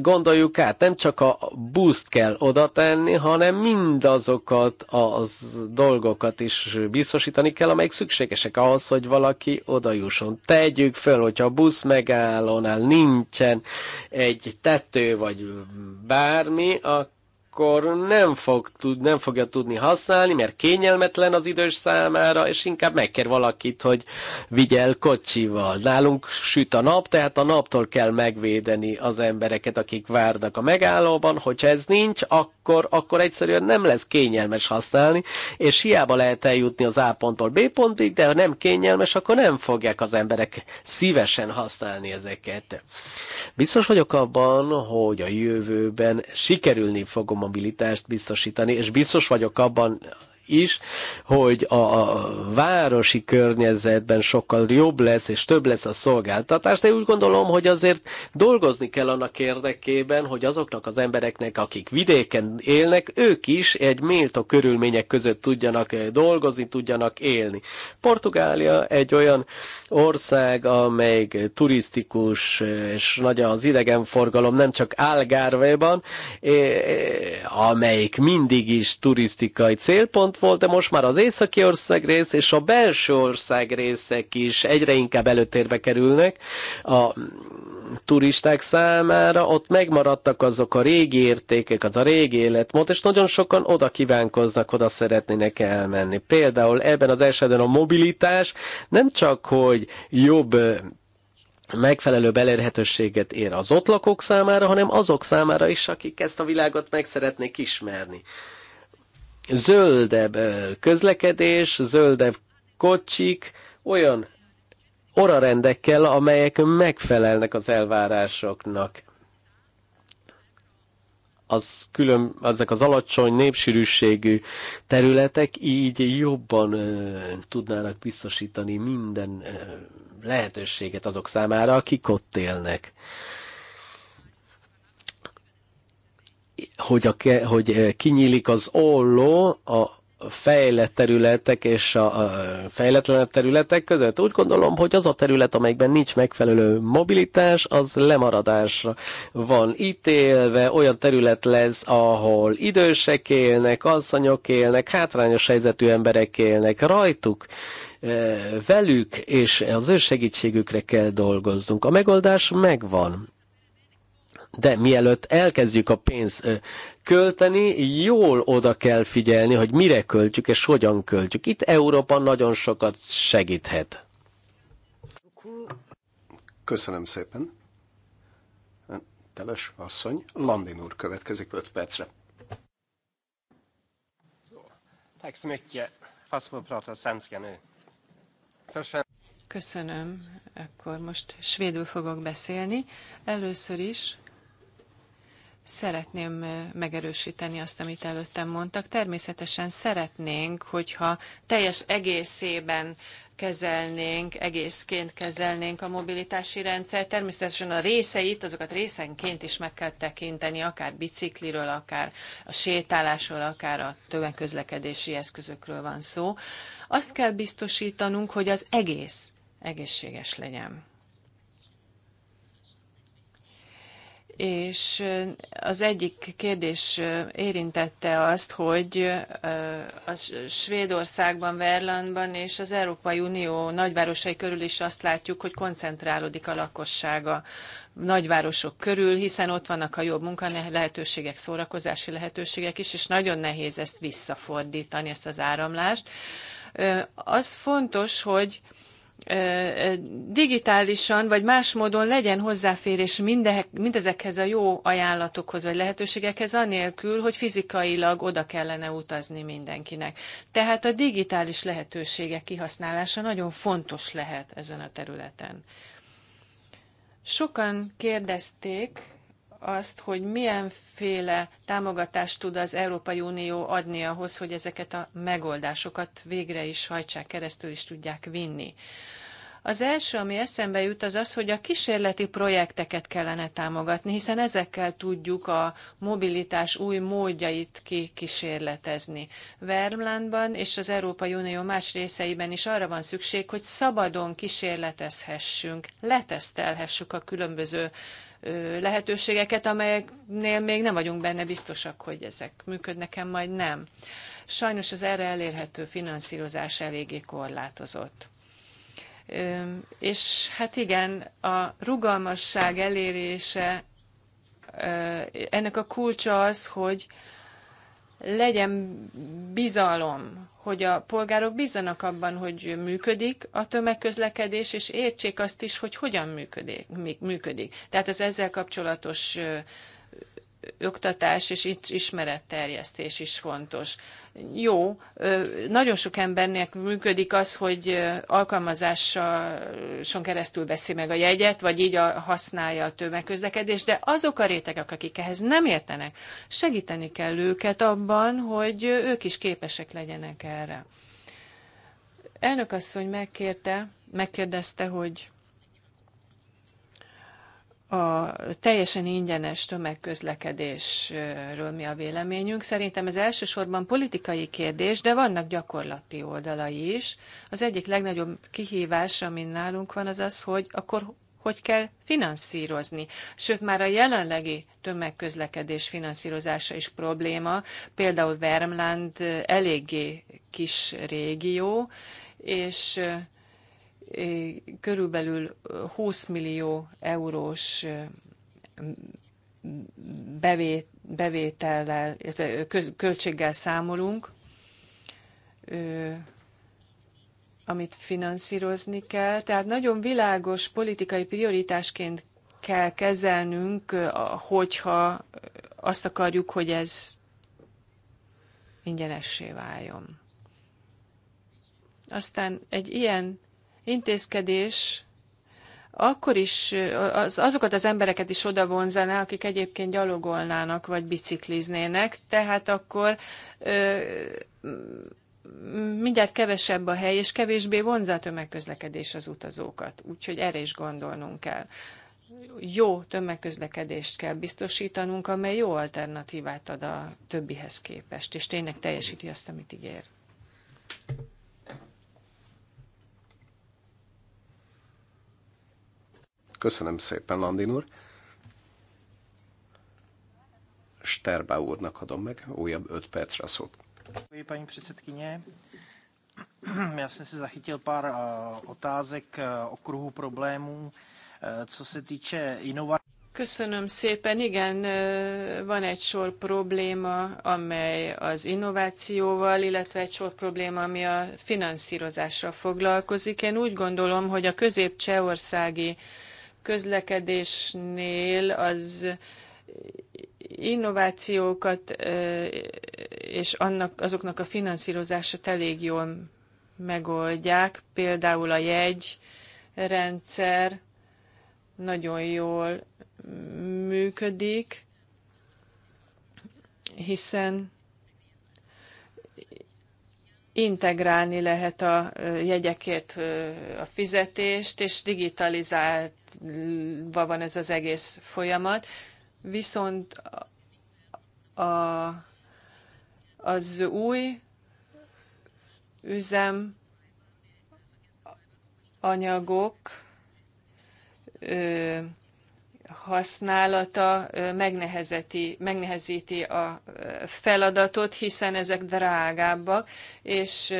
gondoljuk át, nem csak a boost kell oda tenni, hanem mindazokat az dolgokat is biztosítani kell, amelyek szükségesek ahhoz, hogy valaki oda jusson. Tegyük föl, hogyha a busz megállónál nincsen egy tető vagy bármi, a akkor nem, fog, tud nem fogja tudni használni, mert kényelmetlen az idős számára, és inkább megkér valakit, hogy vigyel kocsival. Nálunk süt a nap, tehát a naptól kell megvédeni az embereket, akik várnak a megállóban. Hogyha ez nincs, akkor, akkor egyszerűen nem lesz kényelmes használni, és hiába lehet eljutni az A ponttól B pontig, de ha nem kényelmes, akkor nem fogják az emberek szívesen használni ezeket. Biztos vagyok abban, hogy a jövőben sikerülni fogom mobilitást biztosítani, és biztos vagyok abban is, hogy a, városi környezetben sokkal jobb lesz és több lesz a szolgáltatás, de úgy gondolom, hogy azért dolgozni kell annak érdekében, hogy azoknak az embereknek, akik vidéken élnek, ők is egy méltó körülmények között tudjanak eh, dolgozni, tudjanak élni. Portugália egy olyan ország, amely turisztikus eh, és nagy az idegenforgalom, nem csak Algarve-ban, eh, amelyik mindig is turisztikai célpont, volt, de most már az északi ország rész és a belső ország részek is egyre inkább előtérbe kerülnek a turisták számára, ott megmaradtak azok a régi értékek, az a régi életmód, és nagyon sokan oda kívánkoznak, oda szeretnének elmenni. Például ebben az esetben a mobilitás nem csak, hogy jobb megfelelő belérhetőséget ér az ott lakók számára, hanem azok számára is, akik ezt a világot meg szeretnék ismerni zöldebb közlekedés, zöldebb kocsik, olyan orarendekkel, amelyek megfelelnek az elvárásoknak. Az külön, ezek az alacsony népsűrűségű területek így jobban ö, tudnának biztosítani minden ö, lehetőséget azok számára, akik ott élnek. Ö, hogy, a, hogy eh, kinyílik az olló a fejlett területek és a fejletlenebb területek között. Úgy gondolom, hogy az a terület, amelyikben nincs megfelelő mobilitás, az lemaradásra van ítélve, olyan terület lesz, ahol idősek élnek, asszonyok élnek, hátrányos helyzetű emberek élnek rajtuk, eh, velük, és az ő segítségükre kell dolgoznunk. A megoldás megvan de mielőtt elkezdjük a pénzt költeni, jól oda kell figyelni, hogy mire költjük és hogyan költjük. Itt Európa nagyon sokat segíthet. Köszönöm szépen. Teles asszony, Landin úr következik 5 percre. Köszönöm. Akkor most svédül fogok beszélni. Először is szeretném megerősíteni azt, amit előttem mondtak. Természetesen szeretnénk, hogyha teljes egészében kezelnénk, egészként kezelnénk a mobilitási rendszer. Természetesen a részeit, azokat részenként is meg kell tekinteni, akár bicikliről, akár a sétálásról, akár a tömegközlekedési eszközökről van szó. Azt kell biztosítanunk, hogy az egész egészséges legyen. és az egyik kérdés érintette azt, hogy a Svédországban, Verlandban és az Európai Unió nagyvárosai körül is azt látjuk, hogy koncentrálódik a lakossága nagyvárosok körül, hiszen ott vannak a jobb munka lehetőségek, szórakozási lehetőségek is, és nagyon nehéz ezt visszafordítani, ezt az áramlást. Az fontos, hogy digitálisan vagy más módon legyen hozzáférés minde, mindezekhez a jó ajánlatokhoz vagy lehetőségekhez, anélkül, hogy fizikailag oda kellene utazni mindenkinek. Tehát a digitális lehetőségek kihasználása nagyon fontos lehet ezen a területen. Sokan kérdezték, azt, hogy milyenféle támogatást tud az Európai Unió adni ahhoz, hogy ezeket a megoldásokat végre is hajtsák, keresztül is tudják vinni. Az első, ami eszembe jut, az az, hogy a kísérleti projekteket kellene támogatni, hiszen ezekkel tudjuk a mobilitás új módjait kikísérletezni. Vermlandban és az Európai Unió más részeiben is arra van szükség, hogy szabadon kísérletezhessünk, letesztelhessük a különböző lehetőségeket, amelyeknél még nem vagyunk benne biztosak, hogy ezek működnek-e, majd nem. Sajnos az erre elérhető finanszírozás eléggé korlátozott. És hát igen, a rugalmasság elérése, ennek a kulcsa az, hogy legyen bizalom, hogy a polgárok bízzanak abban, hogy működik a tömegközlekedés, és értsék azt is, hogy hogyan működik. működik. Tehát az ezzel kapcsolatos oktatás és ismeretterjesztés is fontos. Jó, nagyon sok embernek működik az, hogy alkalmazáson keresztül veszi meg a jegyet, vagy így a, használja a tömegközlekedést, de azok a rétegek, akik ehhez nem értenek, segíteni kell őket abban, hogy ők is képesek legyenek erre. Elnök asszony megkérte, megkérdezte, hogy a teljesen ingyenes tömegközlekedésről mi a véleményünk. Szerintem ez elsősorban politikai kérdés, de vannak gyakorlati oldalai is. Az egyik legnagyobb kihívás, ami nálunk van, az az, hogy akkor hogy kell finanszírozni. Sőt, már a jelenlegi tömegközlekedés finanszírozása is probléma. Például Vermland eléggé kis régió, és körülbelül 20 millió eurós bevétellel, illetve költséggel számolunk, amit finanszírozni kell. Tehát nagyon világos politikai prioritásként kell kezelnünk, hogyha azt akarjuk, hogy ez ingyenessé váljon. Aztán egy ilyen intézkedés akkor is az, azokat az embereket is oda vonzaná, akik egyébként gyalogolnának vagy bicikliznének, tehát akkor ö, mindjárt kevesebb a hely, és kevésbé vonzá a tömegközlekedés az utazókat. Úgyhogy erre is gondolnunk kell. Jó tömegközlekedést kell biztosítanunk, amely jó alternatívát ad a többihez képest, és tényleg teljesíti azt, amit ígér. Köszönöm szépen, Landin úr. Sterba úrnak adom meg újabb 5 percre a szót. Děkuji, paní předsedkyně. Já jsem si zachytil pár eh, otázek eh, okruhu problémů, eh, co se týče inovací. Köszönöm szépen. Igen, van egy sor probléma, amely az innovációval, illetve egy sor probléma, ami a finanszírozással foglalkozik. Én úgy gondolom, hogy a közép-csehországi közlekedésnél az innovációkat és annak, azoknak a finanszírozását elég jól megoldják, például a jegyrendszer nagyon jól működik, hiszen integrálni lehet a jegyekért a fizetést, és digitalizált van ez az egész folyamat, viszont a, az új üzem anyagok ö, használata megnehezeti, megnehezíti a feladatot, hiszen ezek drágábbak, és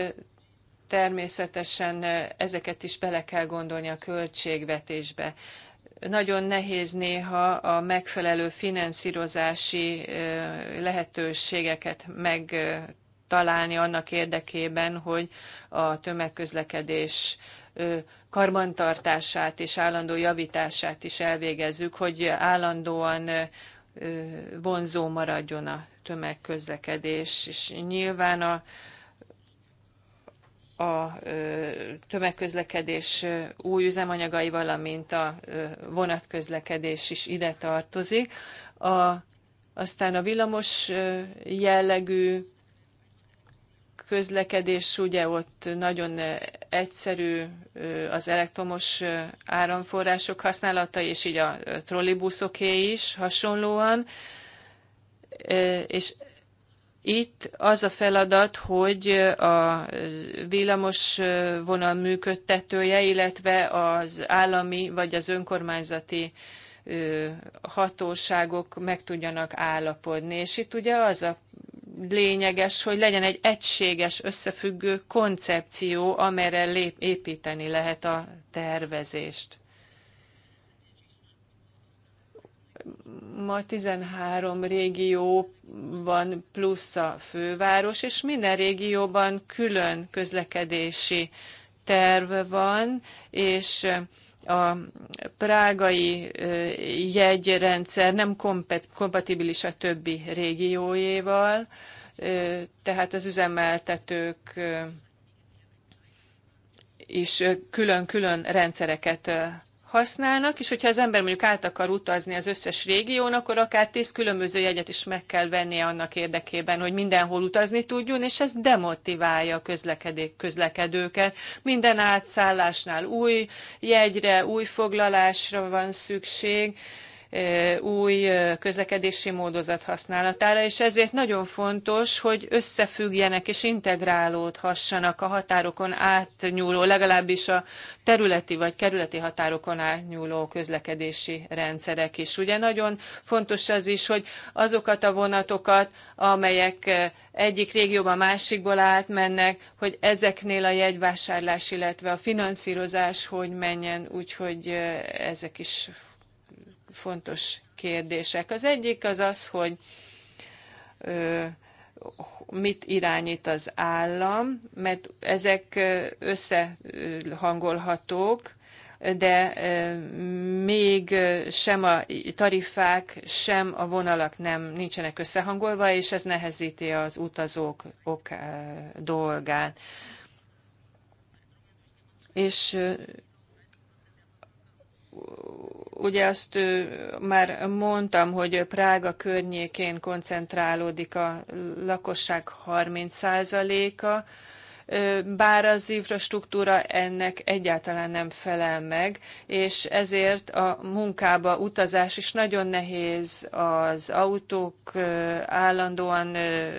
természetesen eh, ezeket is bele kell gondolni a költségvetésbe. Nagyon nehéz néha a megfelelő finanszírozási eh, lehetőségeket megtalálni annak érdekében, hogy a tömegközlekedés karbantartását és állandó javítását is elvégezzük, hogy állandóan vonzó maradjon a tömegközlekedés. És nyilván a a tömegközlekedés új üzemanyagai, valamint a vonatközlekedés is ide tartozik. A, aztán a villamos jellegű közlekedés, ugye ott nagyon egyszerű az elektromos áramforrások használata, és így a trollibuszoké is hasonlóan, és itt az a feladat, hogy a villamos vonal működtetője, illetve az állami vagy az önkormányzati hatóságok meg tudjanak állapodni. És itt ugye az a lényeges, hogy legyen egy egységes, összefüggő koncepció, amelyre lép, építeni lehet a tervezést. ma 13 van plusz a főváros, és minden régióban külön közlekedési terv van, és a prágai jegyrendszer nem kompatibilis a többi régiójéval, tehát az üzemeltetők is külön-külön rendszereket használnak, és hogyha az ember mondjuk át akar utazni az összes régión, akkor akár tíz különböző jegyet is meg kell vennie annak érdekében, hogy mindenhol utazni tudjon, és ez demotiválja a közlekedőket. Minden átszállásnál új jegyre, új foglalásra van szükség, új közlekedési módozat használatára, és ezért nagyon fontos, hogy összefüggjenek és integrálódhassanak a határokon átnyúló, legalábbis a területi vagy kerületi határokon átnyúló közlekedési rendszerek is. Ugye nagyon fontos az is, hogy azokat a vonatokat, amelyek egyik régióban másikból átmennek, hogy ezeknél a jegyvásárlás, illetve a finanszírozás hogy menjen, úgyhogy ezek is fontos kérdések. Az egyik az az, hogy mit irányít az állam, mert ezek összehangolhatók, de még sem a tarifák, sem a vonalak nem nincsenek összehangolva, és ez nehezíti az utazók ok, dolgán. És ugye azt már mondtam, hogy Prága környékén koncentrálódik a lakosság 30%-a, bár az infrastruktúra ennek egyáltalán nem felel meg, és ezért a munkába utazás is nagyon nehéz, az autók állandóan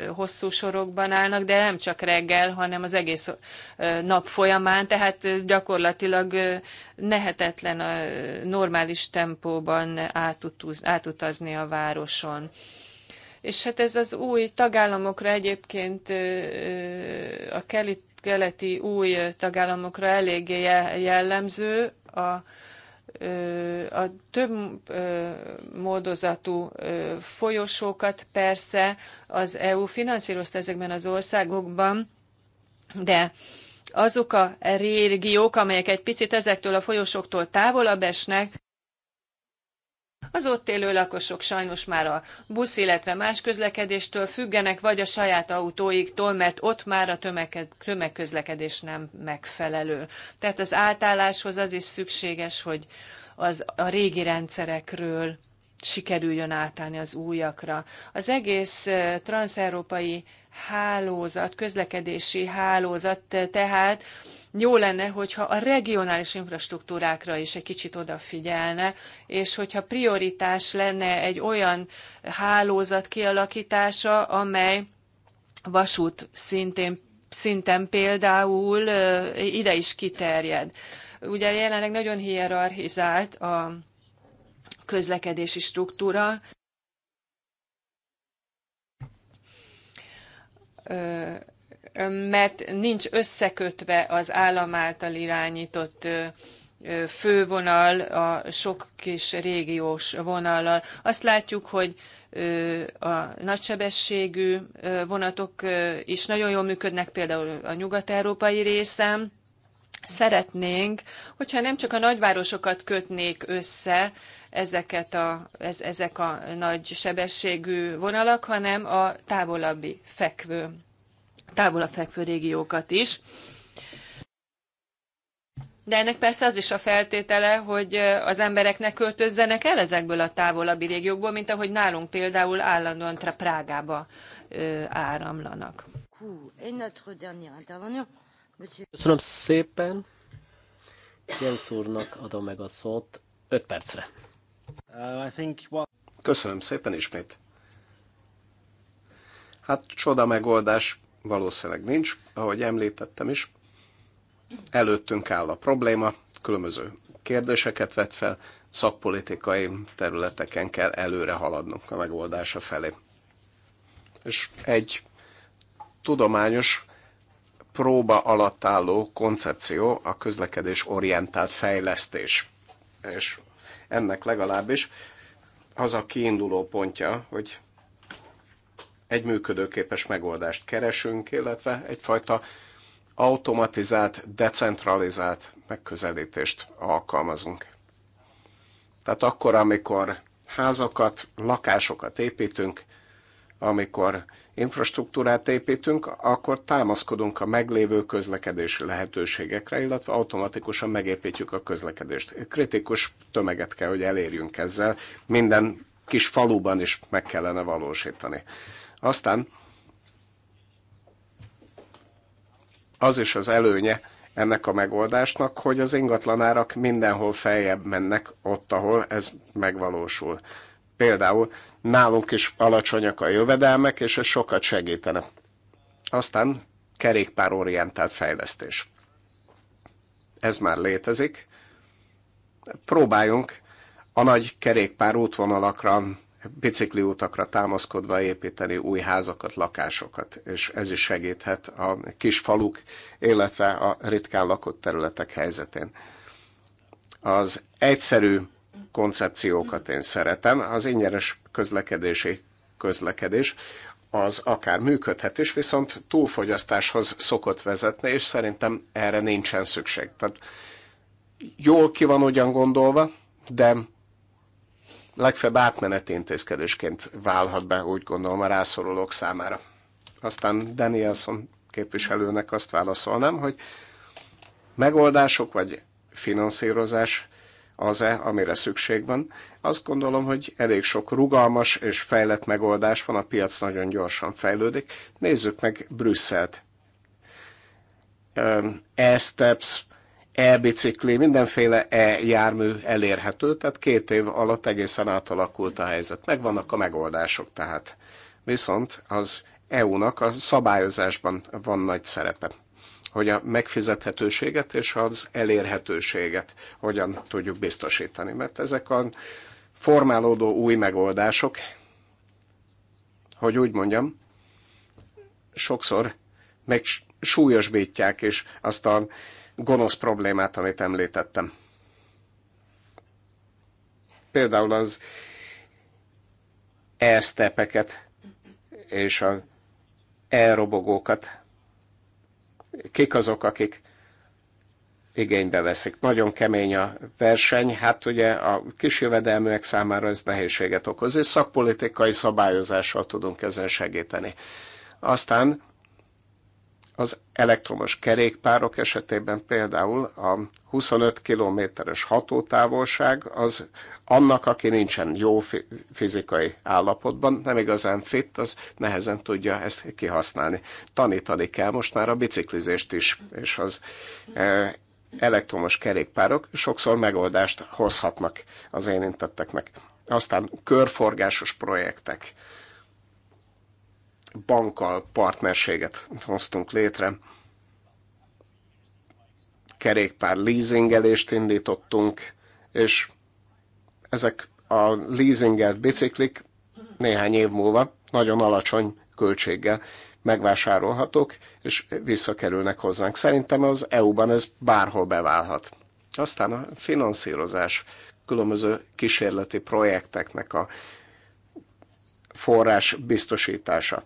hosszú sorokban állnak, de nem csak reggel, hanem az egész nap folyamán, tehát gyakorlatilag nehetetlen a normális tempóban átutazni a városon és hát ez az új tagállamokra egyébként a keleti új tagállamokra eléggé jellemző a a több módozatú folyosókat persze az EU finanszírozta ezekben az országokban, de azok a régiók, amelyek egy picit ezektől a folyosóktól távolabb esnek, az ott élő lakosok sajnos már a busz, illetve más közlekedéstől függenek, vagy a saját autóiktól, mert ott már a tömegközlekedés nem megfelelő. Tehát az átálláshoz az is szükséges, hogy az, a régi rendszerekről sikerüljön átállni az újakra. Az egész transzeurópai hálózat, közlekedési hálózat tehát jó lenne, hogyha a regionális infrastruktúrákra is egy kicsit odafigyelne, és hogyha prioritás lenne egy olyan hálózat kialakítása, amely vasút szintén, szinten például ide is kiterjed. Ugye jelenleg nagyon hierarchizált a közlekedési struktúra, mert nincs összekötve az állam által irányított fővonal a sok kis régiós vonallal. Azt látjuk, hogy a nagysebességű vonatok is nagyon jól működnek, például a nyugat-európai részem. Szeretnénk, hogyha nem csak a nagyvárosokat kötnék össze, ezeket a, ez, ezek a nagy sebességű vonalak, hanem a távolabbi fekvő távol fekvő régiókat is. De ennek persze az is a feltétele, hogy az embereknek költözzenek el ezekből a távolabbi régiókból, mint ahogy nálunk például állandóan Prágába áramlanak. Köszönöm szépen. Jens úrnak adom meg a szót 5 percre. Uh, Köszönöm szépen ismét. Hát csoda megoldás valószínűleg nincs, ahogy említettem is. Előttünk áll a probléma, különböző kérdéseket vet fel, szakpolitikai területeken kell előre haladnunk a megoldása felé. És egy tudományos próba alatt álló koncepció a közlekedés orientált fejlesztés. És ennek legalábbis az a kiinduló pontja, hogy egy működőképes megoldást keresünk, illetve egyfajta automatizált, decentralizált megközelítést alkalmazunk. Tehát akkor, amikor házakat, lakásokat építünk, amikor infrastruktúrát építünk, akkor támaszkodunk a meglévő közlekedési lehetőségekre, illetve automatikusan megépítjük a közlekedést. Kritikus tömeget kell, hogy elérjünk ezzel, minden kis faluban is meg kellene valósítani. Aztán az is az előnye ennek a megoldásnak, hogy az ingatlanárak mindenhol feljebb mennek ott, ahol ez megvalósul. Például nálunk is alacsonyak a jövedelmek, és ez sokat segítene. Aztán kerékpárorientált fejlesztés. Ez már létezik. Próbáljunk a nagy kerékpár útvonalakra bicikliútakra támaszkodva építeni új házakat, lakásokat, és ez is segíthet a kis faluk, illetve a ritkán lakott területek helyzetén. Az egyszerű koncepciókat én szeretem, az ingyenes közlekedési közlekedés, az akár működhet is, viszont túlfogyasztáshoz szokott vezetni, és szerintem erre nincsen szükség. Tehát jól ki van ugyan gondolva, de legfeljebb átmeneti intézkedésként válhat be, úgy gondolom, a rászorulók számára. Aztán Danielson képviselőnek azt válaszolnám, hogy megoldások vagy finanszírozás az-e, amire szükség van. Azt gondolom, hogy elég sok rugalmas és fejlett megoldás van, a piac nagyon gyorsan fejlődik. Nézzük meg Brüsszelt. E-steps, e-bicikli, mindenféle e-jármű elérhető, tehát két év alatt egészen átalakult a helyzet. Megvannak a megoldások tehát. Viszont az EU-nak a szabályozásban van nagy szerepe hogy a megfizethetőséget és az elérhetőséget hogyan tudjuk biztosítani. Mert ezek a formálódó új megoldások, hogy úgy mondjam, sokszor meg súlyosbítják is azt a gonosz problémát, amit említettem. Például az elsztepeket és az elrobogókat, Kik azok, akik igénybe veszik. Nagyon kemény a verseny, hát ugye a kisjövedelműek számára ez nehézséget okoz, és szakpolitikai szabályozással tudunk ezen segíteni. Aztán az elektromos kerékpárok esetében például a 25 kilométeres hatótávolság az annak, aki nincsen jó fizikai állapotban, nem igazán fit, az nehezen tudja ezt kihasználni. Tanítani kell most már a biciklizést is, és az e, elektromos kerékpárok sokszor megoldást hozhatnak az érintetteknek. Aztán körforgásos projektek bankkal partnerséget hoztunk létre. Kerékpár leasingelést indítottunk, és ezek a leasingelt biciklik néhány év múlva nagyon alacsony költséggel megvásárolhatók, és visszakerülnek hozzánk. Szerintem az EU-ban ez bárhol beválhat. Aztán a finanszírozás különböző kísérleti projekteknek a forrás biztosítása,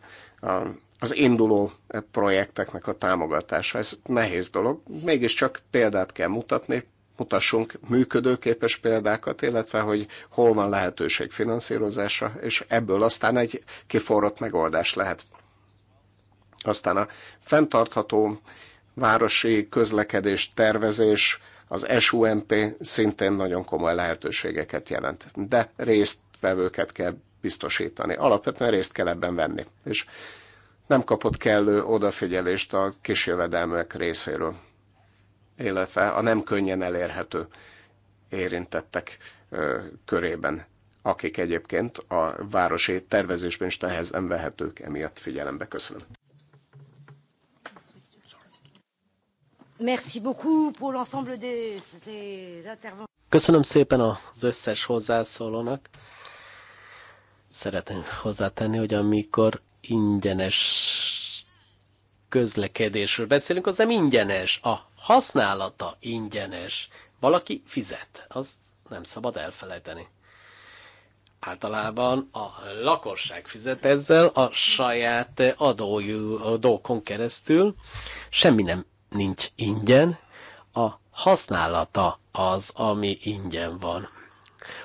az induló projekteknek a támogatása. Ez nehéz dolog, mégiscsak példát kell mutatni, mutassunk működőképes példákat, illetve hogy hol van lehetőség finanszírozásra, és ebből aztán egy kiforrott megoldás lehet. Aztán a fenntartható városi közlekedés tervezés, az SUMP szintén nagyon komoly lehetőségeket jelent, de résztvevőket kell biztosítani. Alapvetően részt kell ebben venni. És nem kapott kellő odafigyelést a kisjövedelmek részéről, illetve a nem könnyen elérhető érintettek körében, akik egyébként a városi tervezésben is nehezen vehetők emiatt figyelembe. Köszönöm. Merci pour des Köszönöm szépen az összes hozzászólónak szeretném hozzátenni, hogy amikor ingyenes közlekedésről beszélünk, az nem ingyenes, a használata ingyenes. Valaki fizet, az nem szabad elfelejteni. Általában a lakosság fizet ezzel a saját adójú, adókon keresztül. Semmi nem nincs ingyen, a használata az, ami ingyen van.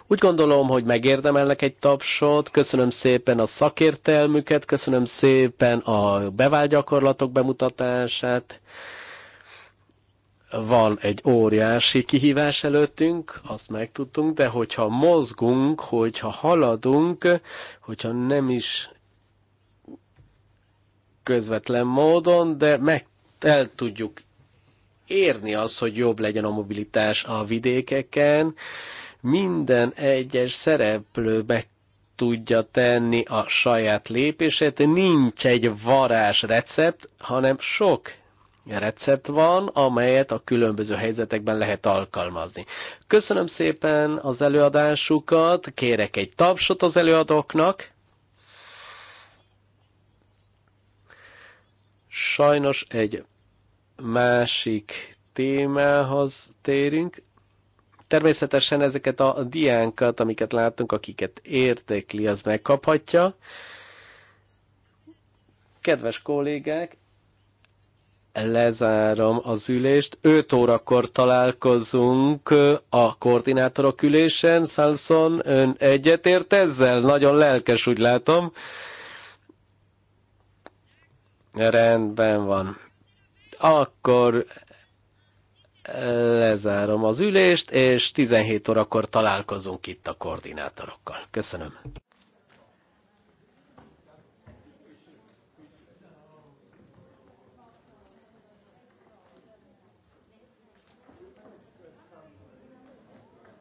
Úgy gondolom, hogy megérdemelnek egy tapsot, köszönöm szépen a szakértelmüket, köszönöm szépen a bevált gyakorlatok bemutatását. Van egy óriási kihívás előttünk, azt megtudtunk, de hogyha mozgunk, hogyha haladunk, hogyha nem is közvetlen módon, de meg el tudjuk érni azt, hogy jobb legyen a mobilitás a vidékeken, minden egyes szereplő meg tudja tenni a saját lépését, nincs egy varázs recept, hanem sok recept van, amelyet a különböző helyzetekben lehet alkalmazni. Köszönöm szépen az előadásukat, kérek egy tapsot az előadóknak. Sajnos egy másik témához térünk, Természetesen ezeket a diánkat, amiket látunk, akiket értékli, az megkaphatja. Kedves kollégák, lezárom az ülést. 5 órakor találkozunk a koordinátorok ülésen. Szalszon, ön egyetért ezzel? Nagyon lelkes, úgy látom. Rendben van. Akkor lezárom az ülést, és 17 órakor találkozunk itt a koordinátorokkal. Köszönöm.